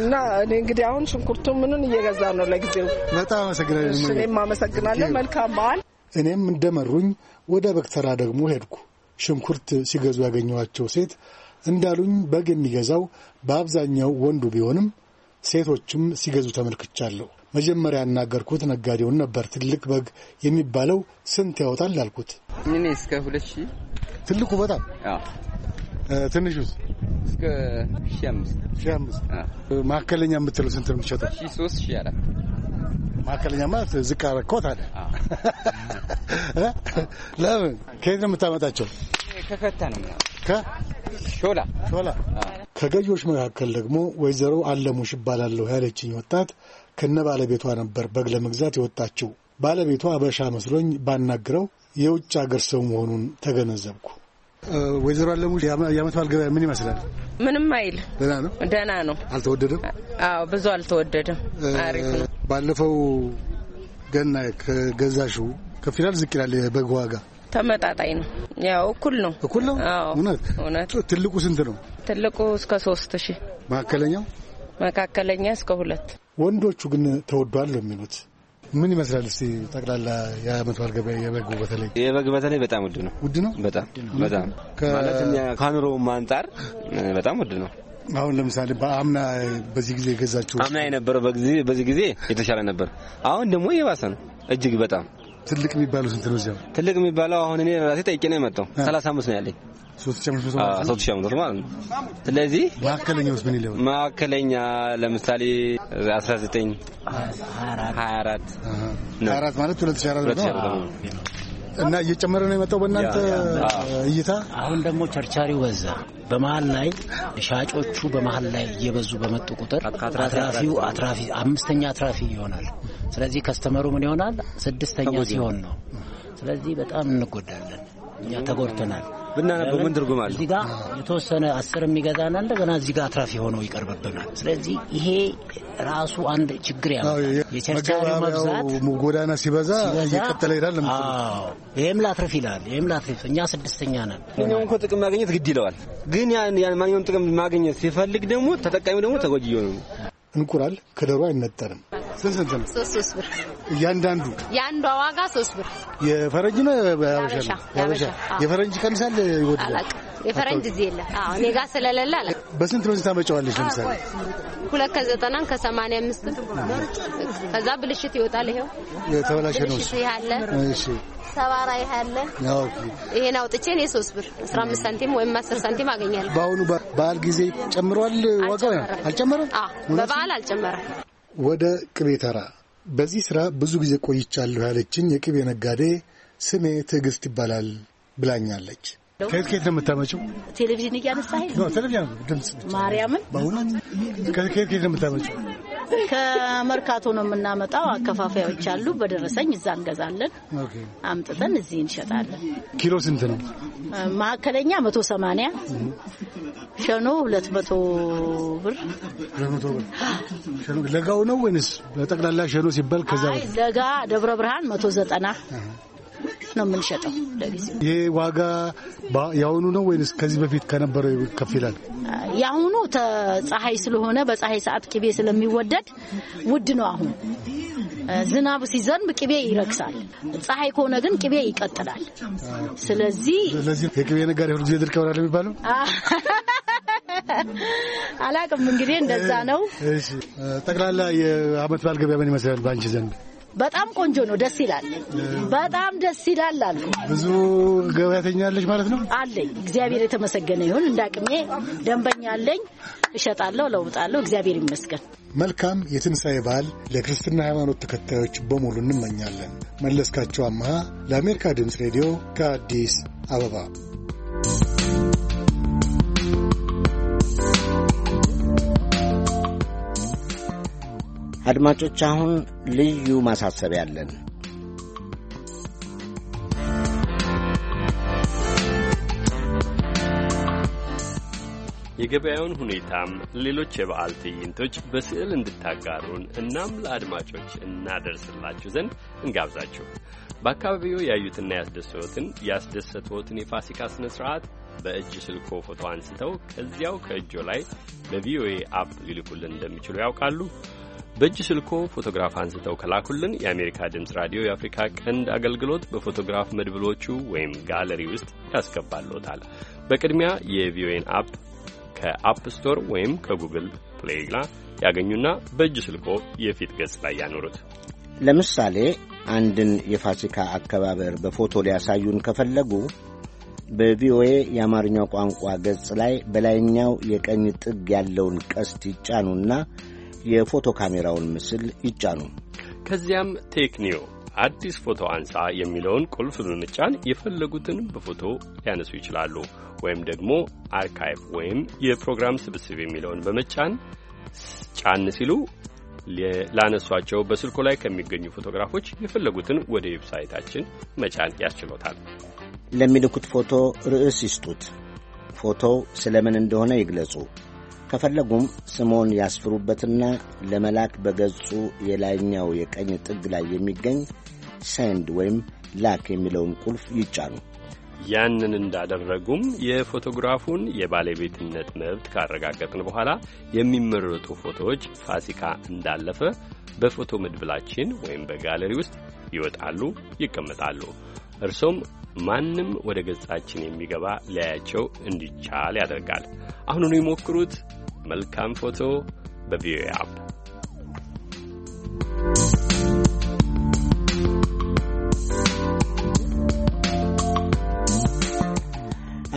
እና እኔ እንግዲህ አሁን ሽንኩርቱ ምኑን እየገዛ ነው ለጊዜው። በጣም አመሰግናለሁ። እኔም አመሰግናለሁ። መልካም በዓል። እኔም እንደመሩኝ ወደ በግ ተራ ደግሞ ሄድኩ። ሽንኩርት ሲገዙ ያገኘኋቸው ሴት እንዳሉኝ በግ የሚገዛው በአብዛኛው ወንዱ ቢሆንም ሴቶችም ሲገዙ ተመልክቻለሁ። መጀመሪያ ያናገርኩት ነጋዴውን ነበር። ትልቅ በግ የሚባለው ስንት ያወጣል ያልኩት። እኔ እስከ ሁለት ሺህ ትልቁ በጣም ትንሹስ እስከ ሺህ አምስት ሺህ አምስት መካከለኛ የምትለው ስንት ነው የምትሸጠው? ሺህ ሦስት ሺህ አራት መካከለኛ ማለት ዝቅ አደረግከው አለ። ለምን ከየት ነው የምታመጣቸው? ከከታ ነው ከሾላ ሾላ። ከገዢዎች መካከል ደግሞ ወይዘሮ አለሙሽ ይባላለሁ ያለችኝ ወጣት ከነ ባለቤቷ ነበር በግ ለመግዛት የወጣችው። ባለቤቷ አበሻ መስሎኝ ባናግረው የውጭ ሀገር ሰው መሆኑን ተገነዘብኩ። ወይዘሮ አለሙ የአመት በዓል ገበያ ምን ይመስላል? ምንም አይል። ደህና ነው፣ ደህና ነው። አልተወደደም? አዎ ብዙ አልተወደደም። አሪፍ ነው። ባለፈው ገና ከገዛሽው ከፍ ይላል ዝቅ ይላል የበግ ዋጋ? ተመጣጣኝ ነው። ያው እኩል ነው፣ እኩል ነው። እውነት እውነት። ትልቁ ስንት ነው? ትልቁ እስከ ሶስት ሺህ መካከለኛው መካከለኛ እስከ ሁለት። ወንዶቹ ግን ተወዷል ነው የሚሉት። ምን ይመስላል እስቲ ጠቅላላ የአመት በዓል ገበያ? የበግ በተለይ የበግ በተለይ በጣም ውድ ነው። ውድ ነው በጣም በጣም ማለት ከኑሮውም አንጻር በጣም ውድ ነው። አሁን ለምሳሌ በአምና በዚህ ጊዜ የገዛችሁ አምና የነበረው በዚህ ጊዜ የተሻለ ነበር። አሁን ደግሞ የባሰ ነው እጅግ በጣም ትልቅ የሚባለው ስንት ነው? እዚያ ትልቅ የሚባለው አሁን እኔ ራሴ ጠይቄ ነው የመጣው ሰላሳ አምስት ነው ያለኝ ሶስት ሺህ አምስት ብር ማለት ነው። ስለዚህ መካከለኛ ውስጥ ምን ይለው መካከለኛ ለምሳሌ አስራ ዘጠኝ ሀያ አራት ሀያ አራት ማለት ሁለት ሺህ አራት ነው። እና እየጨመረ ነው የመጣው። በእናንተ እይታ አሁን ደግሞ ቸርቻሪው በዛ። በመሀል ላይ ሻጮቹ በመሀል ላይ እየበዙ በመጡ ቁጥር አትራፊው አትራፊ አምስተኛ አትራፊ ይሆናል። ስለዚህ ከስተመሩ ምን ይሆናል? ስድስተኛ ሲሆን ነው። ስለዚህ በጣም እንጎዳለን እኛ ተጎድተናል። ብናነበው ምን ትርጉም አለ? እዚህ ጋር የተወሰነ አስር የሚገዛ የሚገዛና እንደገና እዚህ ጋር አትራፊ ሆነው ይቀርብብናል። ስለዚህ ይሄ ራሱ አንድ ችግር ያመጣል። ጎዳና ሲበዛ የቀጠለ ይላል። ይህም ላትርፍ ይላል፣ ይህም ላትርፍ። እኛ ስድስተኛ ነን። ማንኛውም እኮ ጥቅም ማግኘት ግድ ይለዋል። ግን ማንኛውም ጥቅም ማግኘት ሲፈልግ ደግሞ ተጠቃሚ ደግሞ ተጎጂ ነው። እንቁላል ከዶሮ አይነጠርም። ስንት ስንት ነው? ሶስት ሶስት ብር እያንዳንዱ። የአንዷ ዋጋ ሶስት ብር። የፈረንጅ ነው ያበሻ ነው? የፈረንጅ ይቀንሳል ይወድላል? የፈረንጅ እዚህ የለም። አዎ እኔ ጋር ስለሌለ አለ። በስንት ነው ታመጫዋለሽ? ለምሳሌ ሁለት ከዘጠና ከሰማንያ አምስት ከዛ ብልሽት ይወጣል። ይሄው የተበላሸ ነው ያለ እሺ ሰባራ ያለ ይሄን አውጥቼ እኔ ሶስት ብር አስራ አምስት ሳንቲም ወይም አስር ሳንቲም አገኛለሁ። በአሁኑ በዓል ጊዜ ጨምሯል ዋጋ አልጨመረም? በበዓል አልጨመረም። ወደ ቅቤ ተራ። በዚህ ሥራ ብዙ ጊዜ ቆይቻለሁ ያለችኝ የቅቤ ነጋዴ ስሜ ትዕግሥት ይባላል ብላኛለች። ከየት ከየት ነው የምታመጪው? ቴሌቪዥን እያነሳ ቴሌቪዥን ድምፅ ማርያምን በእውነት ከየት ከየት ነው የምታመጪው? ከመርካቶ ነው የምናመጣው። አከፋፋዮች አሉ። በደረሰኝ እዛ እንገዛለን፣ አምጥተን እዚህ እንሸጣለን። ኪሎ ስንት ነው? መካከለኛ መቶ ሰማንያ ሸኖ ሁለት መቶ ብር። ለጋው ነው ወይንስ በጠቅላላ ሸኖ ሲባል? ከዛ ለጋ ደብረ ብርሃን መቶ ዘጠና ነው የምንሸጠው። ለጊዜው ዋጋ የአሁኑ ነው ወይስ ከዚህ በፊት ከነበረው ከፍ ይላል? የአሁኑ ፀሐይ ስለሆነ በፀሐይ ሰዓት ቅቤ ስለሚወደድ ውድ ነው አሁን ዝናብ ሲዘንብ ቅቤ ይረክሳል። ፀሐይ ከሆነ ግን ቅቤ ይቀጥላል። ስለዚህ የቅቤ ነጋዴ ሁሉ ጊዜ ድርቅ የሚባለው አላቅም እንግዲህ እንደዛ ነው። ጠቅላላ የአመት በዓል ገበያ ምን ይመስላል በአንቺ ዘንድ? በጣም ቆንጆ ነው። ደስ ይላል። በጣም ደስ ይላል አሉ። ብዙ ገበያተኛ አለች ማለት ነው? አለኝ። እግዚአብሔር የተመሰገነ ይሁን። እንዳቅሜ ደንበኛ አለኝ። እሸጣለሁ፣ ለውጣለሁ። እግዚአብሔር ይመስገን። መልካም የትንሣኤ በዓል ለክርስትና ሃይማኖት ተከታዮች በሙሉ እንመኛለን። መለስካቸው አመሃ ለአሜሪካ ድምፅ ሬዲዮ ከአዲስ አበባ አድማጮች አሁን ልዩ ማሳሰቢያ አለን። የገበያውን ሁኔታም ሌሎች የበዓል ትዕይንቶች በስዕል እንድታጋሩን እናም ለአድማጮች እናደርስላችሁ ዘንድ እንጋብዛችሁ። በአካባቢው ያዩትና ያስደሰቱትን ያስደሰትዎትን የፋሲካ ሥነ ሥርዓት በእጅ ስልኮ ፎቶ አንስተው ከዚያው ከእጆ ላይ በቪኦኤ አፕ ሊልኩልን እንደሚችሉ ያውቃሉ? በእጅ ስልኮ ፎቶግራፍ አንስተው ከላኩልን የአሜሪካ ድምፅ ራዲዮ የአፍሪካ ቀንድ አገልግሎት በፎቶግራፍ መድብሎቹ ወይም ጋለሪ ውስጥ ያስገባሎታል። በቅድሚያ የቪኦኤን አፕ ከአፕ ስቶር ወይም ከጉግል ፕሌይ ያገኙና በእጅ ስልኮ የፊት ገጽ ላይ ያኖሩት። ለምሳሌ አንድን የፋሲካ አከባበር በፎቶ ሊያሳዩን ከፈለጉ በቪኦኤ የአማርኛው ቋንቋ ገጽ ላይ በላይኛው የቀኝ ጥግ ያለውን ቀስት ይጫኑና የፎቶ ካሜራውን ምስል ይጫኑ። ከዚያም ቴክኒዮ አዲስ ፎቶ አንሳ የሚለውን ቁልፍ በመጫን የፈለጉትን በፎቶ ሊያነሱ ይችላሉ። ወይም ደግሞ አርካይቭ ወይም የፕሮግራም ስብስብ የሚለውን በመጫን ጫን ሲሉ ላነሷቸው በስልኮ ላይ ከሚገኙ ፎቶግራፎች የፈለጉትን ወደ ዌብሳይታችን መጫን ያስችሎታል። ለሚልኩት ፎቶ ርዕስ ይስጡት። ፎቶው ስለምን እንደሆነ ይግለጹ። ከፈለጉም ስሞን ያስፍሩበትና ለመላክ በገጹ የላይኛው የቀኝ ጥግ ላይ የሚገኝ ሰንድ ወይም ላክ የሚለውን ቁልፍ ይጫኑ። ያንን እንዳደረጉም የፎቶግራፉን የባለቤትነት መብት ካረጋገጥን በኋላ የሚመረጡ ፎቶዎች ፋሲካ እንዳለፈ በፎቶ መድብላችን ወይም በጋለሪ ውስጥ ይወጣሉ፣ ይቀመጣሉ። እርሶም ማንም ወደ ገጻችን የሚገባ ሊያያቸው እንዲቻል ያደርጋል። አሁኑኑ ይሞክሩት። መልካም ፎቶ በቪኦኤ አፕ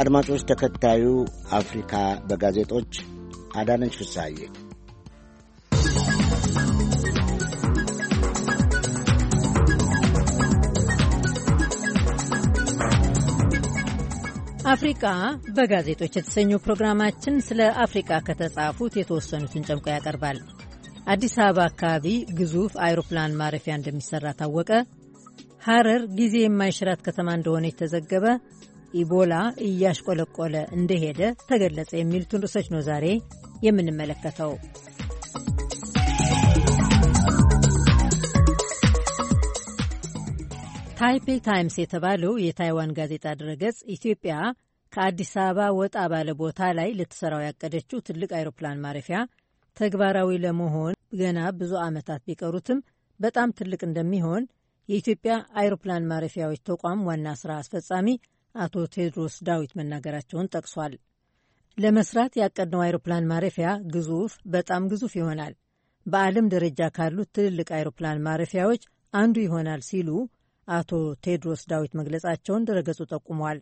አድማጮች፣ ተከታዩ አፍሪካ በጋዜጦች አዳነች ፍሳዬ አፍሪቃ በጋዜጦች የተሰኘው ፕሮግራማችን ስለ አፍሪቃ ከተጻፉት የተወሰኑትን ጨምቆ ያቀርባል። አዲስ አበባ አካባቢ ግዙፍ አይሮፕላን ማረፊያ እንደሚሠራ ታወቀ፣ ሐረር ጊዜ የማይሽራት ከተማ እንደሆነች ተዘገበ፣ ኢቦላ እያሽቆለቆለ እንደሄደ ተገለጸ፣ የሚሉትን ርዕሶች ነው ዛሬ የምንመለከተው። ታይፔ ታይምስ የተባለው የታይዋን ጋዜጣ ድረገጽ ኢትዮጵያ ከአዲስ አበባ ወጣ ባለ ቦታ ላይ ልትሰራው ያቀደችው ትልቅ አይሮፕላን ማረፊያ ተግባራዊ ለመሆን ገና ብዙ ዓመታት ቢቀሩትም በጣም ትልቅ እንደሚሆን የኢትዮጵያ አይሮፕላን ማረፊያዎች ተቋም ዋና ስራ አስፈጻሚ አቶ ቴድሮስ ዳዊት መናገራቸውን ጠቅሷል። ለመስራት ያቀድነው አይሮፕላን ማረፊያ ግዙፍ፣ በጣም ግዙፍ ይሆናል። በዓለም ደረጃ ካሉት ትልልቅ አይሮፕላን ማረፊያዎች አንዱ ይሆናል ሲሉ አቶ ቴድሮስ ዳዊት መግለጻቸውን ድረገጹ ጠቁሟል።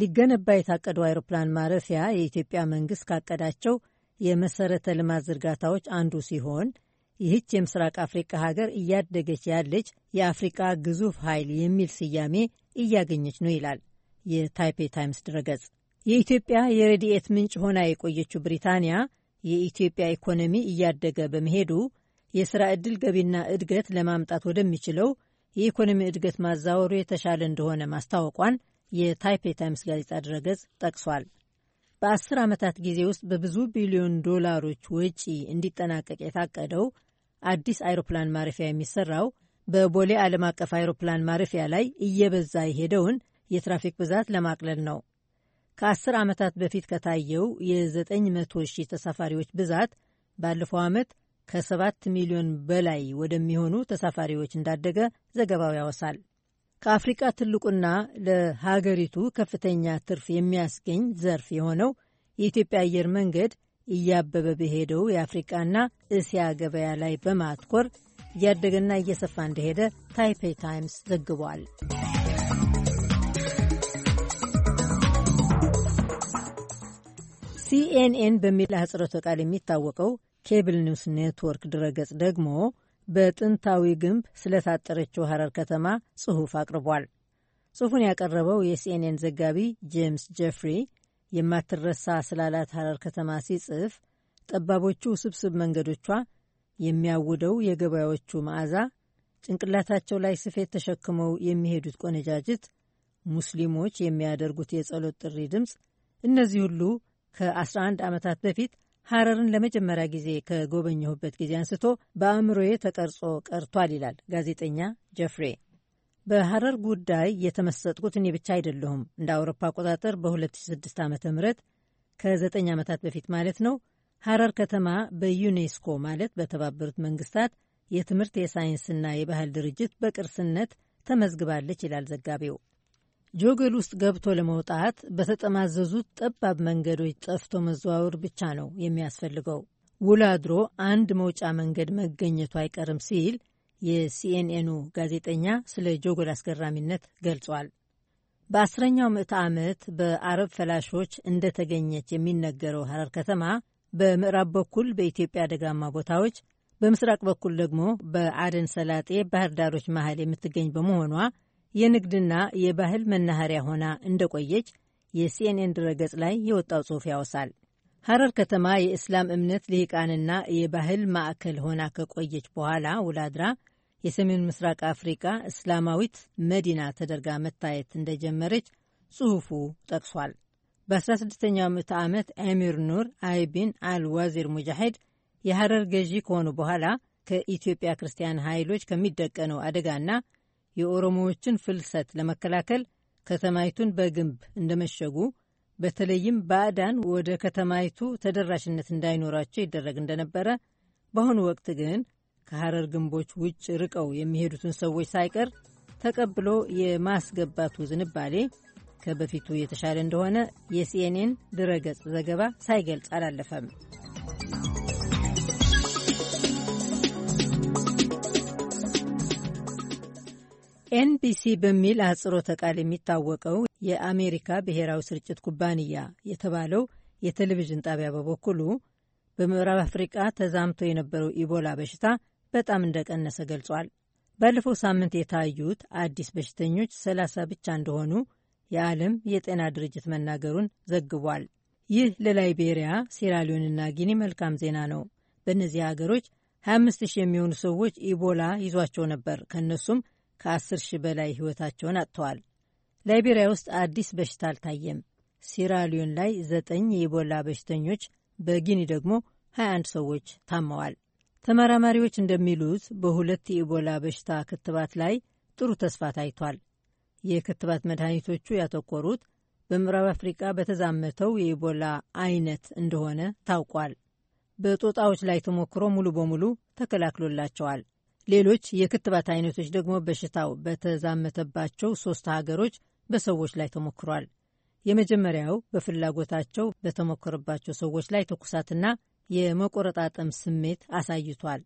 ሊገነባ የታቀደው አይሮፕላን ማረፊያ የኢትዮጵያ መንግስት ካቀዳቸው የመሰረተ ልማት ዝርጋታዎች አንዱ ሲሆን ይህች የምስራቅ አፍሪቃ ሀገር እያደገች ያለች የአፍሪቃ ግዙፍ ኃይል የሚል ስያሜ እያገኘች ነው ይላል የታይፔ ታይምስ ድረገጽ። የኢትዮጵያ የረድኤት ምንጭ ሆና የቆየችው ብሪታንያ የኢትዮጵያ ኢኮኖሚ እያደገ በመሄዱ የሥራ ዕድል ገቢና እድገት ለማምጣት ወደሚችለው የኢኮኖሚ እድገት ማዛወሩ የተሻለ እንደሆነ ማስታወቋን የታይፔ ታይምስ ጋዜጣ ድረገጽ ጠቅሷል። በአስር ዓመታት ጊዜ ውስጥ በብዙ ቢሊዮን ዶላሮች ወጪ እንዲጠናቀቅ የታቀደው አዲስ አይሮፕላን ማረፊያ የሚሰራው በቦሌ ዓለም አቀፍ አይሮፕላን ማረፊያ ላይ እየበዛ የሄደውን የትራፊክ ብዛት ለማቅለል ነው። ከአስር ዓመታት በፊት ከታየው የ900 ሺህ ተሳፋሪዎች ብዛት ባለፈው ዓመት ከሰባት ሚሊዮን በላይ ወደሚሆኑ ተሳፋሪዎች እንዳደገ ዘገባው ያወሳል። ከአፍሪቃ ትልቁና ለሀገሪቱ ከፍተኛ ትርፍ የሚያስገኝ ዘርፍ የሆነው የኢትዮጵያ አየር መንገድ እያበበ በሄደው የአፍሪቃና እስያ ገበያ ላይ በማትኮር እያደገና እየሰፋ እንደሄደ ታይፔ ታይምስ ዘግቧል። ሲኤንኤን በሚል አህጽሮተ ቃል የሚታወቀው ኬብል ኒውስ ኔትወርክ ድረገጽ ደግሞ በጥንታዊ ግንብ ስለታጠረችው ሐረር ከተማ ጽሑፍ አቅርቧል። ጽሑፉን ያቀረበው የሲኤንኤን ዘጋቢ ጄምስ ጀፍሪ የማትረሳ ስላላት ሐረር ከተማ ሲጽፍ ጠባቦቹ ውስብስብ መንገዶቿ፣ የሚያውደው የገበያዎቹ መዓዛ፣ ጭንቅላታቸው ላይ ስፌት ተሸክመው የሚሄዱት ቆነጃጅት፣ ሙስሊሞች የሚያደርጉት የጸሎት ጥሪ ድምፅ፣ እነዚህ ሁሉ ከ11 ዓመታት በፊት ሐረርን ለመጀመሪያ ጊዜ ከጎበኘሁበት ጊዜ አንስቶ በአእምሮዬ ተቀርጾ ቀርቷል ይላል ጋዜጠኛ ጀፍሬ። በሐረር ጉዳይ የተመሰጥኩት እኔ ብቻ አይደለሁም። እንደ አውሮፓ አቆጣጠር በ2006 ዓ ም ከ9 ዓመታት በፊት ማለት ነው ሐረር ከተማ በዩኔስኮ ማለት በተባበሩት መንግስታት የትምህርት የሳይንስና የባህል ድርጅት በቅርስነት ተመዝግባለች ይላል ዘጋቢው። ጆገል ውስጥ ገብቶ ለመውጣት በተጠማዘዙት ጠባብ መንገዶች ጠፍቶ መዘዋወር ብቻ ነው የሚያስፈልገው። ውሎ አድሮ አንድ መውጫ መንገድ መገኘቱ አይቀርም ሲል የሲኤንኤኑ ጋዜጠኛ ስለ ጆጎል አስገራሚነት ገልጿል። በአስረኛው ምዕተ ዓመት በአረብ ፈላሾች እንደተገኘች የሚነገረው ሐረር ከተማ በምዕራብ በኩል በኢትዮጵያ ደጋማ ቦታዎች፣ በምስራቅ በኩል ደግሞ በአደን ሰላጤ ባህር ዳሮች መሀል የምትገኝ በመሆኗ የንግድና የባህል መናኸሪያ ሆና እንደቆየች የሲኤንኤን ድረገጽ ላይ የወጣው ጽሑፍ ያወሳል። ሐረር ከተማ የእስላም እምነት ልሂቃንና የባህል ማዕከል ሆና ከቆየች በኋላ ውላድራ የሰሜን ምስራቅ አፍሪቃ እስላማዊት መዲና ተደርጋ መታየት እንደጀመረች ጽሑፉ ጠቅሷል። በ16ኛው ምዕተ ዓመት አሚር ኑር አይቢን አልዋዚር ሙጃሂድ የሐረር ገዢ ከሆኑ በኋላ ከኢትዮጵያ ክርስቲያን ኃይሎች ከሚደቀነው አደጋና የኦሮሞዎችን ፍልሰት ለመከላከል ከተማይቱን በግንብ እንደመሸጉ በተለይም ባዕዳን ወደ ከተማይቱ ተደራሽነት እንዳይኖራቸው ይደረግ እንደነበረ፣ በአሁኑ ወቅት ግን ከሐረር ግንቦች ውጭ ርቀው የሚሄዱትን ሰዎች ሳይቀር ተቀብሎ የማስገባቱ ዝንባሌ ከበፊቱ የተሻለ እንደሆነ የሲኤንኤን ድረገጽ ዘገባ ሳይገልጽ አላለፈም። ኤንቢሲ በሚል አጽሮተ ቃል የሚታወቀው የአሜሪካ ብሔራዊ ስርጭት ኩባንያ የተባለው የቴሌቪዥን ጣቢያ በበኩሉ በምዕራብ አፍሪቃ ተዛምቶ የነበረው ኢቦላ በሽታ በጣም እንደቀነሰ ገልጿል። ባለፈው ሳምንት የታዩት አዲስ በሽተኞች 30 ብቻ እንደሆኑ የዓለም የጤና ድርጅት መናገሩን ዘግቧል። ይህ ለላይቤሪያ፣ ሴራሊዮንና ጊኒ መልካም ዜና ነው። በእነዚህ ሀገሮች 25 ሺህ የሚሆኑ ሰዎች ኢቦላ ይዟቸው ነበር። ከእነሱም ከ10 ሺህ በላይ ሕይወታቸውን አጥተዋል። ላይቤሪያ ውስጥ አዲስ በሽታ አልታየም። ሲራሊዮን ላይ ዘጠኝ የኢቦላ በሽተኞች፣ በጊኒ ደግሞ 21 ሰዎች ታመዋል። ተመራማሪዎች እንደሚሉት በሁለት የኢቦላ በሽታ ክትባት ላይ ጥሩ ተስፋ ታይቷል። የክትባት መድኃኒቶቹ ያተኮሩት በምዕራብ አፍሪቃ በተዛመተው የኢቦላ አይነት እንደሆነ ታውቋል። በጦጣዎች ላይ ተሞክሮ ሙሉ በሙሉ ተከላክሎላቸዋል። ሌሎች የክትባት አይነቶች ደግሞ በሽታው በተዛመተባቸው ሶስት ሀገሮች በሰዎች ላይ ተሞክሯል። የመጀመሪያው በፍላጎታቸው በተሞከረባቸው ሰዎች ላይ ትኩሳትና የመቆረጣጠም ስሜት አሳይቷል።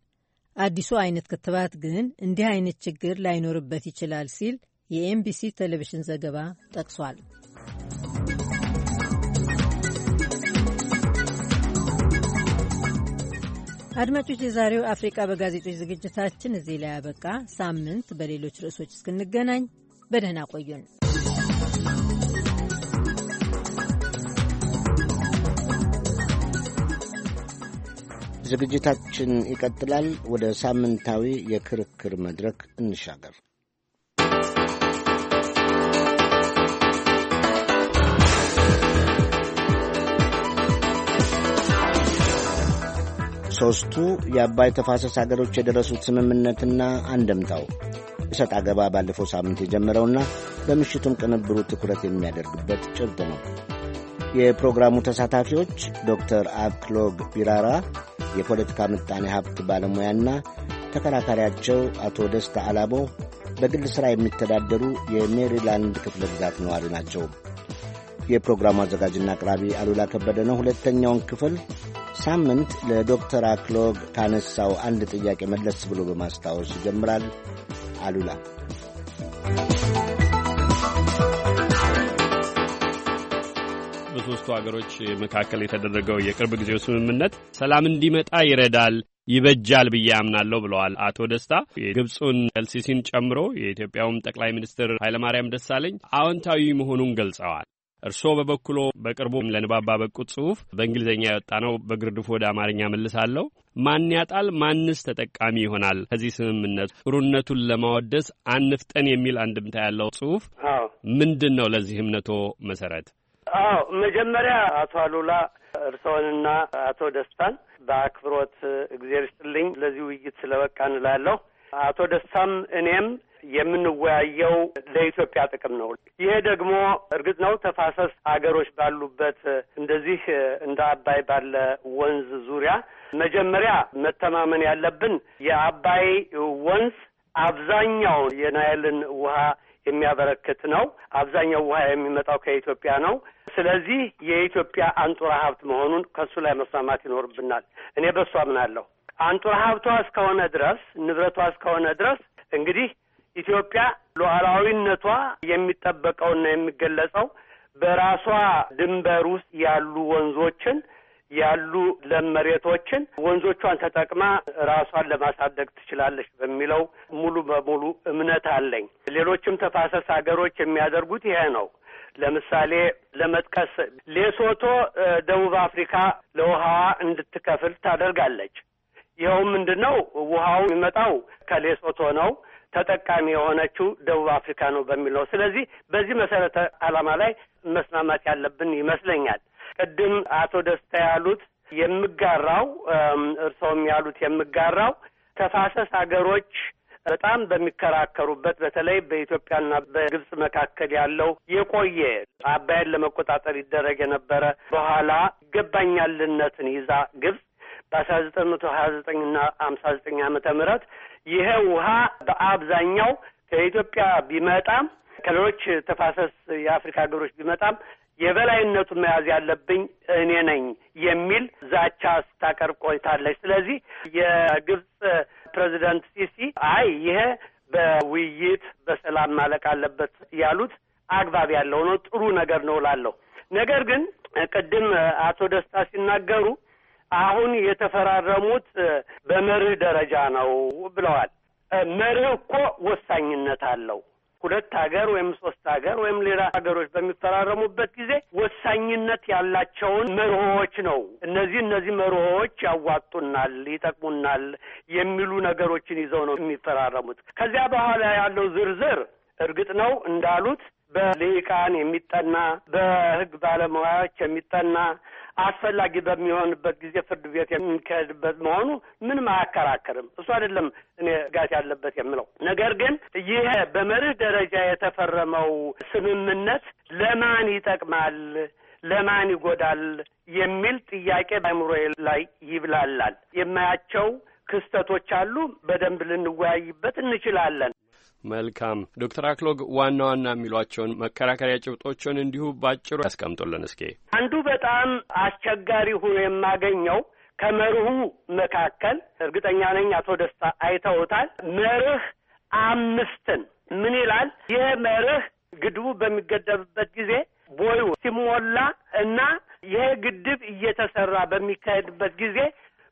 አዲሱ አይነት ክትባት ግን እንዲህ አይነት ችግር ላይኖርበት ይችላል ሲል የኤምቢሲ ቴሌቪዥን ዘገባ ጠቅሷል። አድማጮች፣ የዛሬው አፍሪቃ በጋዜጦች ዝግጅታችን እዚህ ላይ ያበቃ። ሳምንት በሌሎች ርዕሶች እስክንገናኝ በደህና ቆዩን። ዝግጅታችን ይቀጥላል። ወደ ሳምንታዊ የክርክር መድረክ እንሻገር። ሦስቱ የአባይ ተፋሰስ አገሮች የደረሱት ስምምነትና አንደምታው እሰጥ አገባ ባለፈው ሳምንት የጀመረውና በምሽቱም ቅንብሩ ትኩረት የሚያደርግበት ጭብጥ ነው። የፕሮግራሙ ተሳታፊዎች ዶክተር አክሎግ ቢራራ የፖለቲካ ምጣኔ ሀብት ባለሙያና ተከራካሪያቸው አቶ ደስታ አላቦ በግል ሥራ የሚተዳደሩ የሜሪላንድ ክፍለ ግዛት ነዋሪ ናቸው። የፕሮግራሙ አዘጋጅና አቅራቢ አሉላ ከበደ ነው። ሁለተኛውን ክፍል ሳምንት ለዶክተር አክሎግ ካነሳው አንድ ጥያቄ መለስ ብሎ በማስታወስ ይጀምራል አሉላ። በሶስቱ አገሮች መካከል የተደረገው የቅርብ ጊዜው ስምምነት ሰላም እንዲመጣ ይረዳል ይበጃል ብዬ አምናለሁ ብለዋል አቶ ደስታ። የግብፁን ኤልሲሲን ጨምሮ የኢትዮጵያውም ጠቅላይ ሚኒስትር ኃይለማርያም ደሳለኝ አዎንታዊ መሆኑን ገልጸዋል። እርስዎ በበኩሎ በቅርቡ ለንባብ ባበቁት ጽሁፍ በእንግሊዝኛ የወጣ ነው፣ በግርድፉ ወደ አማርኛ መልሳለሁ። ማን ያጣል ማንስ ተጠቃሚ ይሆናል? ከዚህ ስምምነት ሩነቱን ለማወደስ አንፍጠን የሚል አንድምታ ያለው ጽሁፍ ምንድን ነው? ለዚህ እምነቶ መሰረት? አዎ መጀመሪያ አቶ አሉላ እርስዎንና አቶ ደስታን በአክብሮት እግዜር ስጥልኝ ለዚህ ውይይት ስለበቃ እንላለሁ። አቶ ደስታም እኔም የምንወያየው ለኢትዮጵያ ጥቅም ነው። ይሄ ደግሞ እርግጥ ነው ተፋሰስ ሀገሮች ባሉበት እንደዚህ እንደ አባይ ባለ ወንዝ ዙሪያ መጀመሪያ መተማመን ያለብን የአባይ ወንዝ አብዛኛው የናይልን ውሃ የሚያበረክት ነው። አብዛኛው ውሃ የሚመጣው ከኢትዮጵያ ነው። ስለዚህ የኢትዮጵያ አንጡራ ሀብት መሆኑን ከእሱ ላይ መስማማት ይኖርብናል። እኔ በሷ አምናለሁ። አንጡራ ሀብቷ እስከሆነ ድረስ ንብረቷ እስከሆነ ድረስ እንግዲህ ኢትዮጵያ ሉዓላዊነቷ የሚጠበቀውና የሚገለጸው በራሷ ድንበር ውስጥ ያሉ ወንዞችን ያሉ ለም መሬቶችን ወንዞቿን ተጠቅማ ራሷን ለማሳደግ ትችላለች በሚለው ሙሉ በሙሉ እምነት አለኝ። ሌሎችም ተፋሰስ ሀገሮች የሚያደርጉት ይሄ ነው። ለምሳሌ ለመጥቀስ ሌሶቶ ደቡብ አፍሪካ ለውሃዋ እንድትከፍል ታደርጋለች። ይኸውም ምንድን ነው? ውሃው የሚመጣው ከሌሶቶ ነው። ተጠቃሚ የሆነችው ደቡብ አፍሪካ ነው በሚለው ስለዚህ በዚህ መሰረተ ዓላማ ላይ መስማማት ያለብን ይመስለኛል። ቅድም አቶ ደስታ ያሉት የምጋራው እርሰውም ያሉት የምጋራው ተፋሰስ ሀገሮች በጣም በሚከራከሩበት በተለይ በኢትዮጵያና በግብጽ መካከል ያለው የቆየ አባይን ለመቆጣጠር ይደረግ የነበረ በኋላ ይገባኛልነትን ይዛ ግብጽ በአስራ ዘጠኝ መቶ ሀያ ዘጠኝ እና ሀምሳ ዘጠኝ ዓመተ ምህረት ይሄ ውሃ በአብዛኛው ከኢትዮጵያ ቢመጣም ከሌሎች ተፋሰስ የአፍሪካ ሀገሮች ቢመጣም የበላይነቱን መያዝ ያለብኝ እኔ ነኝ የሚል ዛቻ ስታቀርብ ቆይታለች። ስለዚህ የግብፅ ፕሬዚደንት ሲሲ አይ ይሄ በውይይት በሰላም ማለቅ አለበት ያሉት አግባብ ያለው ነው፣ ጥሩ ነገር ነው እላለሁ። ነገር ግን ቅድም አቶ ደስታ ሲናገሩ አሁን የተፈራረሙት በመርህ ደረጃ ነው ብለዋል። መርህ እኮ ወሳኝነት አለው። ሁለት ሀገር ወይም ሶስት ሀገር ወይም ሌላ ሀገሮች በሚፈራረሙበት ጊዜ ወሳኝነት ያላቸውን መርሆዎች ነው። እነዚህ እነዚህ መርሆዎች ያዋጡናል፣ ይጠቅሙናል የሚሉ ነገሮችን ይዘው ነው የሚፈራረሙት። ከዚያ በኋላ ያለው ዝርዝር እርግጥ ነው እንዳሉት በልሂቃን የሚጠና በሕግ ባለሙያዎች የሚጠና አስፈላጊ በሚሆንበት ጊዜ ፍርድ ቤት የሚካሄድበት መሆኑ ምንም አያከራክርም እሱ አይደለም እኔ ጋት ያለበት የምለው ነገር ግን ይሄ በመርህ ደረጃ የተፈረመው ስምምነት ለማን ይጠቅማል ለማን ይጎዳል የሚል ጥያቄ በአእምሮ ላይ ይብላላል። የማያቸው ክስተቶች አሉ። በደንብ ልንወያይበት እንችላለን። መልካም ዶክተር አክሎግ ዋና ዋና የሚሏቸውን መከራከሪያ ጭብጦችን እንዲሁ ባጭሩ ያስቀምጡልን እስኪ። አንዱ በጣም አስቸጋሪ ሆኖ የማገኘው ከመርሁ መካከል እርግጠኛ ነኝ አቶ ደስታ አይተውታል። መርህ አምስትን ምን ይላል? ይህ መርህ ግድቡ በሚገደብበት ጊዜ ቦዩ ሲሞላ እና ይህ ግድብ እየተሰራ በሚካሄድበት ጊዜ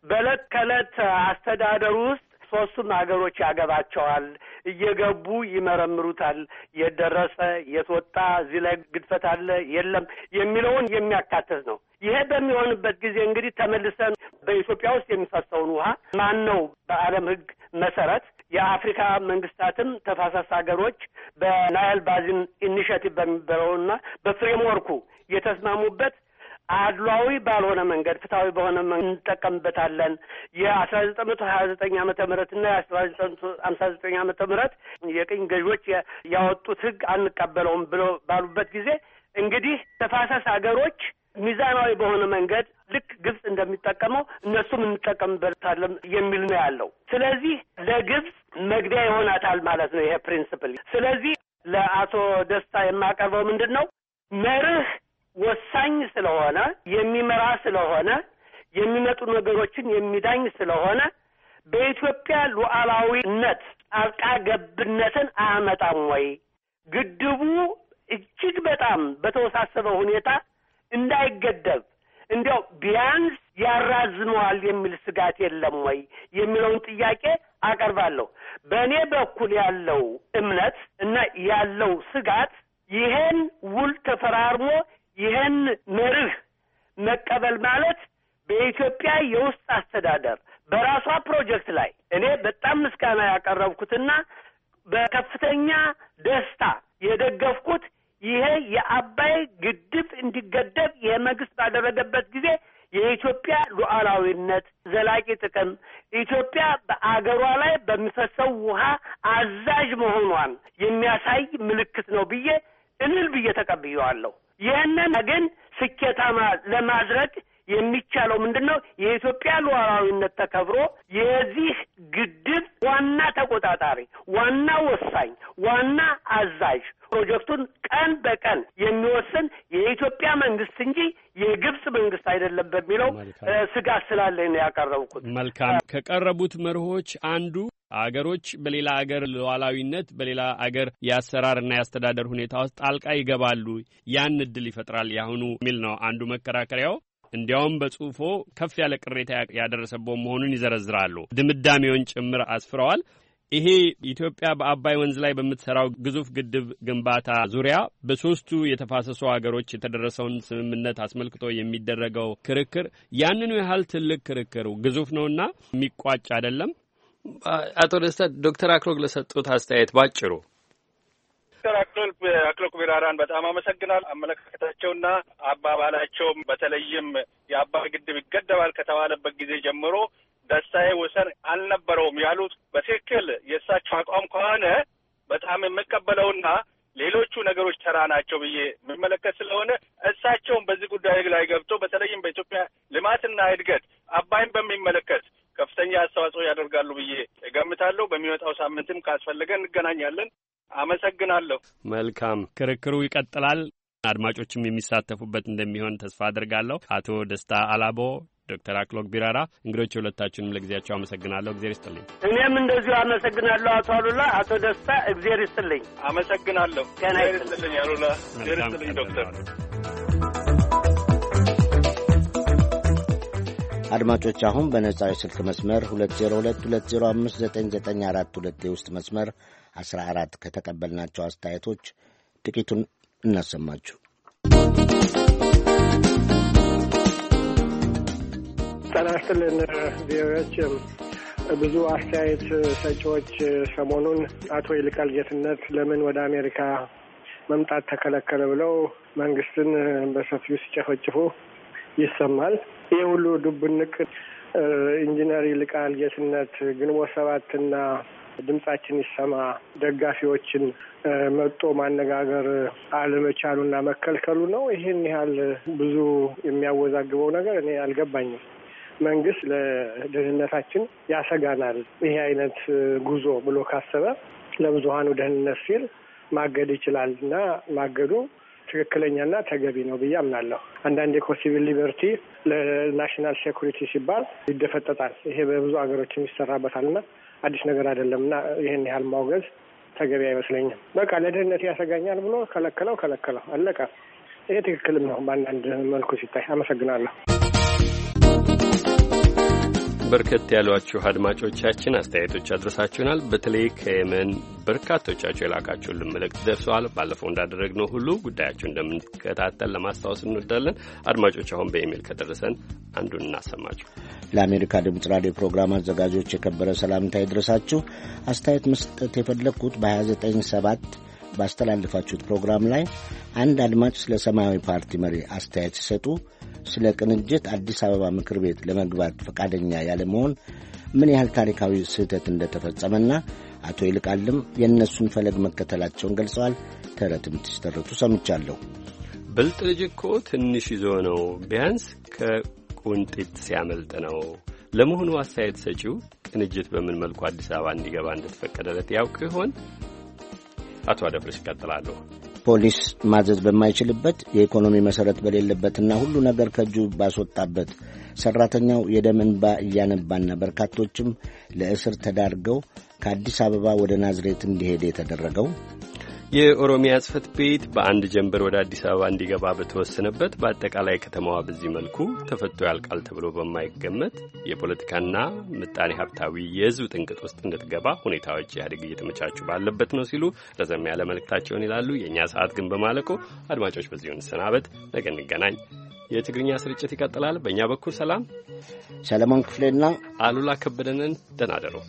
በእለት ከእለት አስተዳደሩ ውስጥ ሶስቱን ሀገሮች ያገባቸዋል። እየገቡ ይመረምሩታል። የደረሰ የትወጣ እዚህ ላይ ግድፈት አለ የለም የሚለውን የሚያካትት ነው። ይሄ በሚሆንበት ጊዜ እንግዲህ ተመልሰን በኢትዮጵያ ውስጥ የሚፈሰውን ውሃ ማን ነው በዓለም ሕግ መሰረት የአፍሪካ መንግስታትም ተፋሳስ ሀገሮች በናይል ባዚን ኢኒሽቲቭ በሚባለውና በፍሬምወርኩ የተስማሙበት አድሏዊ ባልሆነ መንገድ ፍትሐዊ በሆነ መንገድ እንጠቀምበታለን። የአስራ ዘጠኝ መቶ ሀያ ዘጠኝ ዓመተ እና የአስራ ዘጠኝ መቶ ሀምሳ ዘጠኝ ዓመተ ምህረት የቅኝ ገዢዎች ያወጡት ህግ አንቀበለውም ብሎ ባሉበት ጊዜ እንግዲህ ተፋሰስ ሀገሮች ሚዛናዊ በሆነ መንገድ ልክ ግብጽ እንደሚጠቀመው እነሱም እንጠቀምበታለን የሚል ነው ያለው። ስለዚህ ለግብጽ መግቢያ ይሆናታል ማለት ነው ይሄ ፕሪንስፕል። ስለዚህ ለአቶ ደስታ የማቀርበው ምንድን ነው መርህ ወሳኝ ስለሆነ የሚመራ ስለሆነ የሚመጡ ነገሮችን የሚዳኝ ስለሆነ በኢትዮጵያ ሉዓላዊነት ጣልቃ ገብነትን አያመጣም ወይ? ግድቡ እጅግ በጣም በተወሳሰበ ሁኔታ እንዳይገደብ እንዲያው ቢያንስ ያራዝመዋል የሚል ስጋት የለም ወይ የሚለውን ጥያቄ አቀርባለሁ። በእኔ በኩል ያለው እምነት እና ያለው ስጋት ይሄን ውል ተፈራርሞ ይህን መርህ መቀበል ማለት በኢትዮጵያ የውስጥ አስተዳደር በራሷ ፕሮጀክት ላይ እኔ በጣም ምስጋና ያቀረብኩትና በከፍተኛ ደስታ የደገፍኩት ይሄ የአባይ ግድብ እንዲገደብ ይሄ መንግስት ባደረገበት ጊዜ የኢትዮጵያ ሉዓላዊነት ዘላቂ ጥቅም ኢትዮጵያ በአገሯ ላይ በሚፈሰው ውሃ አዛዥ መሆኗን የሚያሳይ ምልክት ነው ብዬ እልል ብዬ ተቀብየዋለሁ። ይህንን ግን ስኬታማ ለማድረግ የሚቻለው ምንድን ነው? የኢትዮጵያ ሉዓላዊነት ተከብሮ የዚህ ግድብ ዋና ተቆጣጣሪ፣ ዋና ወሳኝ፣ ዋና አዛዥ ፕሮጀክቱን ቀን በቀን የሚወስን የኢትዮጵያ መንግስት እንጂ የግብጽ መንግስት አይደለም በሚለው ስጋት ስላለኝ ነው ያቀረብኩት። መልካም ከቀረቡት መርሆች አንዱ አገሮች በሌላ አገር ሉዓላዊነት በሌላ አገር የአሰራርና የአስተዳደር ሁኔታ ውስጥ ጣልቃ ይገባሉ፣ ያን እድል ይፈጥራል ያሁኑ የሚል ነው አንዱ መከራከሪያው። እንዲያውም በጽሁፎ ከፍ ያለ ቅሬታ ያደረሰበው መሆኑን ይዘረዝራሉ። ድምዳሜውን ጭምር አስፍረዋል። ይሄ ኢትዮጵያ በአባይ ወንዝ ላይ በምትሰራው ግዙፍ ግድብ ግንባታ ዙሪያ በሶስቱ የተፋሰሱ ሀገሮች የተደረሰውን ስምምነት አስመልክቶ የሚደረገው ክርክር ያንኑ ያህል ትልቅ ክርክሩ ግዙፍ ነውና የሚቋጭ አይደለም። አቶ ደስታ ዶክተር አክሎግ ለሰጡት አስተያየት ባጭሩ ዶክተር አክሎግ በጣም አመሰግናል። አመለካከታቸውና አባባላቸውም በተለይም የአባ ግድብ ይገደባል ከተባለበት ጊዜ ጀምሮ ደስታዬ ወሰን አልነበረውም ያሉት በትክክል የእሳቸው አቋም ከሆነ በጣም የምቀበለውና ሌሎቹ ነገሮች ተራ ናቸው ብዬ የምመለከት ስለሆነ እሳቸውም በዚህ ጉዳይ ላይ ገብቶ በተለይም በኢትዮጵያ ልማትና እድገት አባይን በሚመለከት ከፍተኛ አስተዋጽኦ ያደርጋሉ ብዬ እገምታለሁ። በሚመጣው ሳምንትም ካስፈለገ እንገናኛለን። አመሰግናለሁ። መልካም ክርክሩ ይቀጥላል። አድማጮችም የሚሳተፉበት እንደሚሆን ተስፋ አድርጋለሁ። አቶ ደስታ አላቦ፣ ዶክተር አክሎግ ቢራራ እንግዶች የሁለታችሁንም ለጊዜያቸው አመሰግናለሁ። እግዜር ይስጥልኝ። እኔም እንደዚሁ አመሰግናለሁ አቶ አሉላ። አቶ ደስታ እግዜር ይስጥልኝ። አመሰግናለሁ። ጤና ይስጥልኝ አሉላ። እግዜር ይስጥልኝ ዶክተር አድማጮች አሁን በነጻዊ የስልክ መስመር 2022059942 የውስጥ መስመር 14 ከተቀበልናቸው አስተያየቶች ጥቂቱን እናሰማችሁ። ጤና ይስጥልን ብዙ አስተያየት ሰጪዎች ሰሞኑን አቶ ይልቃል ጌትነት ለምን ወደ አሜሪካ መምጣት ተከለከለ ብለው መንግስትን በሰፊው ሲጨፈጭፉ ይሰማል። ይህ ሁሉ ዱብንቅ ኢንጂነር ይልቃል ጌትነት ግንቦት ሰባትና ድምጻችን ይሰማ ደጋፊዎችን መጦ ማነጋገር አለመቻሉና መከልከሉ ነው። ይህን ያህል ብዙ የሚያወዛግበው ነገር እኔ አልገባኝም። መንግስት ለደህንነታችን ያሰጋናል ይሄ አይነት ጉዞ ብሎ ካሰበ ለብዙሀኑ ደህንነት ሲል ማገድ ይችላል እና ማገዱ ትክክለኛና ተገቢ ነው ብዬ አምናለሁ። አንዳንድ የኮሲቪል ሊበርቲ ለናሽናል ሴኩሪቲ ሲባል ይደፈጠጣል። ይሄ በብዙ ሀገሮችም እና አዲስ ነገር አይደለም እና ይህን ያህል ማውገዝ ተገቢ አይመስለኝም። በቃ ለደህንነት ያሰጋኛል ብሎ ከለከለው ከለከለው አለቀ። ይሄ ትክክልም ነው በአንዳንድ መልኩ ሲታይ። አመሰግናለሁ። በርከት ያሏችሁ አድማጮቻችን አስተያየቶች አድረሳችሁናል። በተለይ ከየመን በርካቶቻችሁ የላካችሁልን መልእክት ደርሰዋል። ባለፈው እንዳደረግነው ሁሉ ጉዳያችሁ እንደምንከታተል ለማስታወስ እንወዳለን። አድማጮች አሁን በኢሜይል ከደረሰን አንዱን እናሰማችሁ። ለአሜሪካ ድምፅ ራዲዮ ፕሮግራም አዘጋጆች የከበረ ሰላምታ ይድረሳችሁ። አስተያየት መስጠት የፈለግኩት በ 29 ሰባት ባስተላልፋችሁት ፕሮግራም ላይ አንድ አድማጭ ስለ ሰማያዊ ፓርቲ መሪ አስተያየት ሲሰጡ ስለ ቅንጅት አዲስ አበባ ምክር ቤት ለመግባት ፈቃደኛ ያለመሆን ምን ያህል ታሪካዊ ስህተት እንደተፈጸመና አቶ ይልቃልም የእነሱን ፈለግ መከተላቸውን ገልጸዋል። ተረትም ሲተረቱ ሰምቻለሁ። ብልጥ ልጅ እኮ ትንሽ ይዞ ነው ቢያንስ ከቁንጢት ሲያመልጥ ነው። ለመሆኑ አስተያየት ሰጪው ቅንጅት በምን መልኩ አዲስ አበባ እንዲገባ እንደተፈቀደለት ያውቅ ይሆን? አቶ አደፍርስ ይቀጥላሉ። ፖሊስ ማዘዝ በማይችልበት የኢኮኖሚ መሰረት በሌለበትና ሁሉ ነገር ከእጁ ባስወጣበት ሰራተኛው የደም እንባ እያነባና በርካቶችም ለእስር ተዳርገው ከአዲስ አበባ ወደ ናዝሬት እንዲሄድ የተደረገው የኦሮሚያ ጽህፈት ቤት በአንድ ጀንበር ወደ አዲስ አበባ እንዲገባ በተወሰነበት በአጠቃላይ ከተማዋ በዚህ መልኩ ተፈቶ ያልቃል ተብሎ በማይገመት የፖለቲካና ምጣኔ ሀብታዊ የህዝብ ጥንቅጥ ውስጥ እንድትገባ ሁኔታዎች ኢህአዴግ እየተመቻቹ ባለበት ነው ሲሉ ረዘም ያለ መልእክታቸውን ይላሉ። የእኛ ሰዓት ግን በማለቁ አድማጮች በዚሁ እንሰናበት። ነገ እንገናኝ። የትግርኛ ስርጭት ይቀጥላል። በእኛ በኩል ሰላም፣ ሰለሞን ክፍሌና አሉላ ከበደንን ደህና ደሩ።